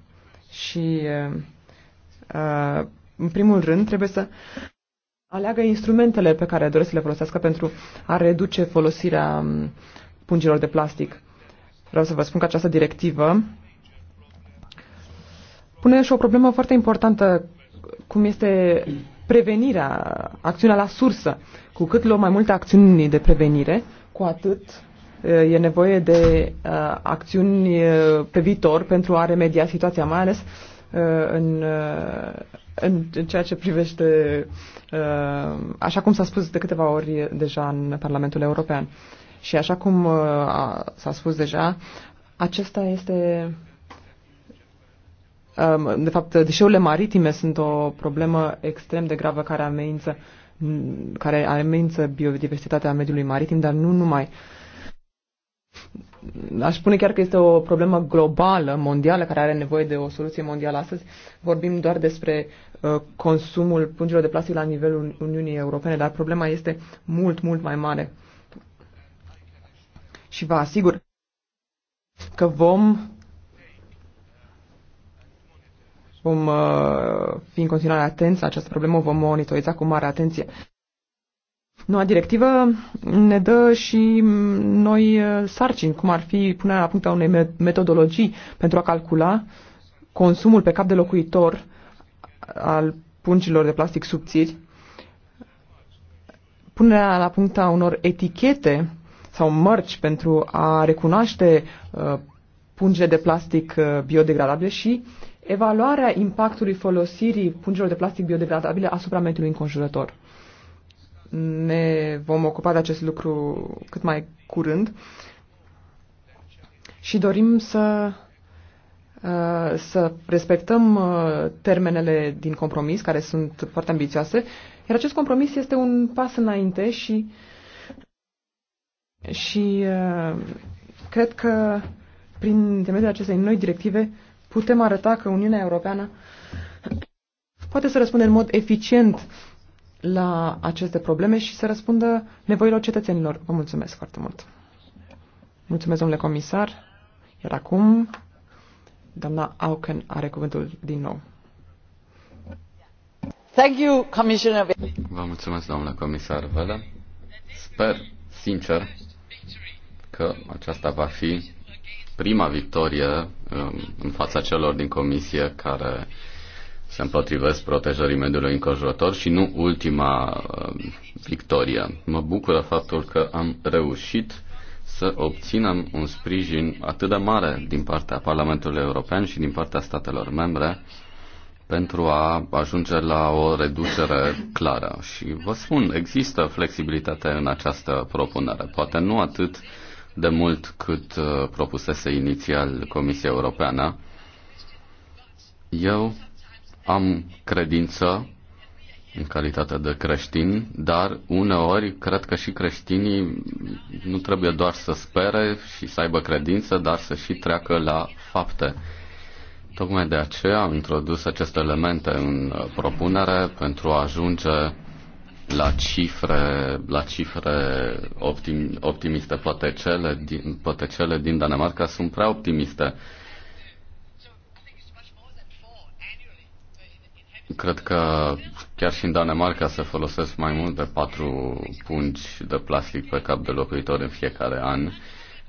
Și, în primul rând, trebuie să aleagă instrumentele pe care doresc să le folosească pentru a reduce folosirea pungilor de plastic. Vreau să vă spun că această directivă pune și o problemă foarte importantă, cum este prevenirea, acțiunea la sursă. Cu cât luăm mai multe acțiuni de prevenire, cu atât uh, e nevoie de uh, acțiuni uh, pe viitor pentru a remedia situația, mai ales în, în, în ceea ce privește, așa cum s-a spus de câteva ori deja în Parlamentul European. Și așa cum s-a spus deja, acesta este Um, de fapt, deșeurile maritime sunt o problemă extrem de gravă care amenință, care amenință biodiversitatea mediului maritim, dar nu numai. Aș spune chiar că este o problemă globală, mondială, care are nevoie de o soluție mondială. Astăzi vorbim doar despre uh, consumul pungilor de plastic la nivelul Uniunii Europene, dar problema este mult, mult mai mare. Și vă asigur că vom Vom uh, fi în continuare atenți la această problemă, o vom monitoriza cu mare atenție. Noua directivă ne dă și mm, noi uh, sarcini, cum ar fi punerea la punct a unei metodologii pentru a calcula consumul pe cap de locuitor al pungilor de plastic subțiri, punerea la punct a unor etichete sau mărci pentru a recunoaște uh, pungile de plastic uh, biodegradabile și evaluarea impactului folosirii pungilor de plastic biodegradabile asupra mediului înconjurător. Ne vom ocupa de acest lucru cât mai curând și dorim să uh, să respectăm uh, termenele din compromis, care sunt foarte ambițioase, iar acest compromis este un pas înainte și, și uh, cred că prin intermediul acestei noi directive putem arăta că Uniunea Europeană poate să răspundă în mod eficient la aceste probleme și să răspundă nevoilor cetățenilor. Vă mulțumesc foarte mult. Mulțumesc, domnule comisar. Iar acum, doamna Auken are cuvântul din nou. Thank you, Commissioner. Vă mulțumesc, doamnă comisar Vela. Sper, sincer, că aceasta va fi prima victorie um, în fața celor din comisie care se împotrivesc protejării mediului înconjurător și nu ultima um, victorie. Mă bucură faptul că am reușit să obținem un sprijin atât de mare din partea Parlamentului European și din partea statelor membre pentru a ajunge la o reducere clară. Și vă spun, există flexibilitate în această propunere. Poate nu atât uh, de mult cât uh, propusese inițial Comisia Europeană. Eu am credință în calitate de creștin, dar uneori cred că și creștinii nu trebuie doar să spere și să aibă credință, dar să și treacă la fapte. Tocmai de aceea am introdus aceste elemente în uh, propunere pentru a ajunge la cifre, la cifre optim, optimiste. Poate cele, din, poate cele din Danemarca sunt prea optimiste. Cred că chiar și în Danemarca se folosesc mai mult de patru pungi de plastic pe cap de locuitor în fiecare an.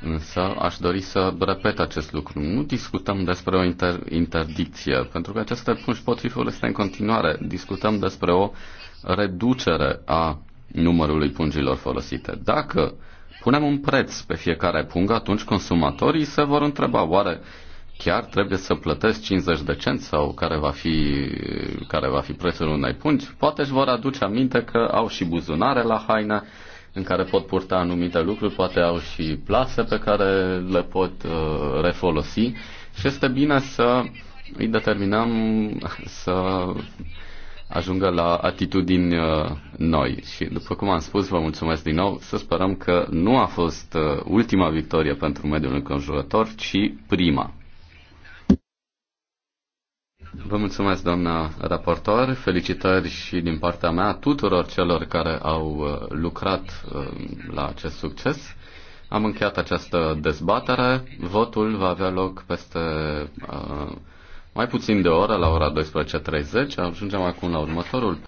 Însă aș dori să repet acest lucru. Nu discutăm despre o inter- interdicție, pentru că aceste pungi pot fi folosite în continuare. Discutăm despre o uh, reducere a numărului pungilor folosite. Dacă punem un preț pe fiecare pungă, atunci consumatorii se vor întreba oare chiar trebuie să plătesc 50 de cenți sau care va fi, care va fi prețul unei pungi? Poate își vor aduce aminte că au și buzunare la haină în care pot purta anumite lucruri, poate au și plase pe care le pot uh, refolosi și este bine să îi determinăm să ajungă la atitudini uh, noi. Și după cum am spus, vă mulțumesc din nou, să sperăm că nu a fost uh, ultima victorie pentru mediul înconjurător, ci prima. Vă mulțumesc, doamna raportor. Felicitări și din partea mea tuturor celor care au uh, lucrat la acest succes. Am încheiat această dezbatere. Votul va avea loc peste uh, mai puțin de o oră, la ora 12.30, ajungem acum la următorul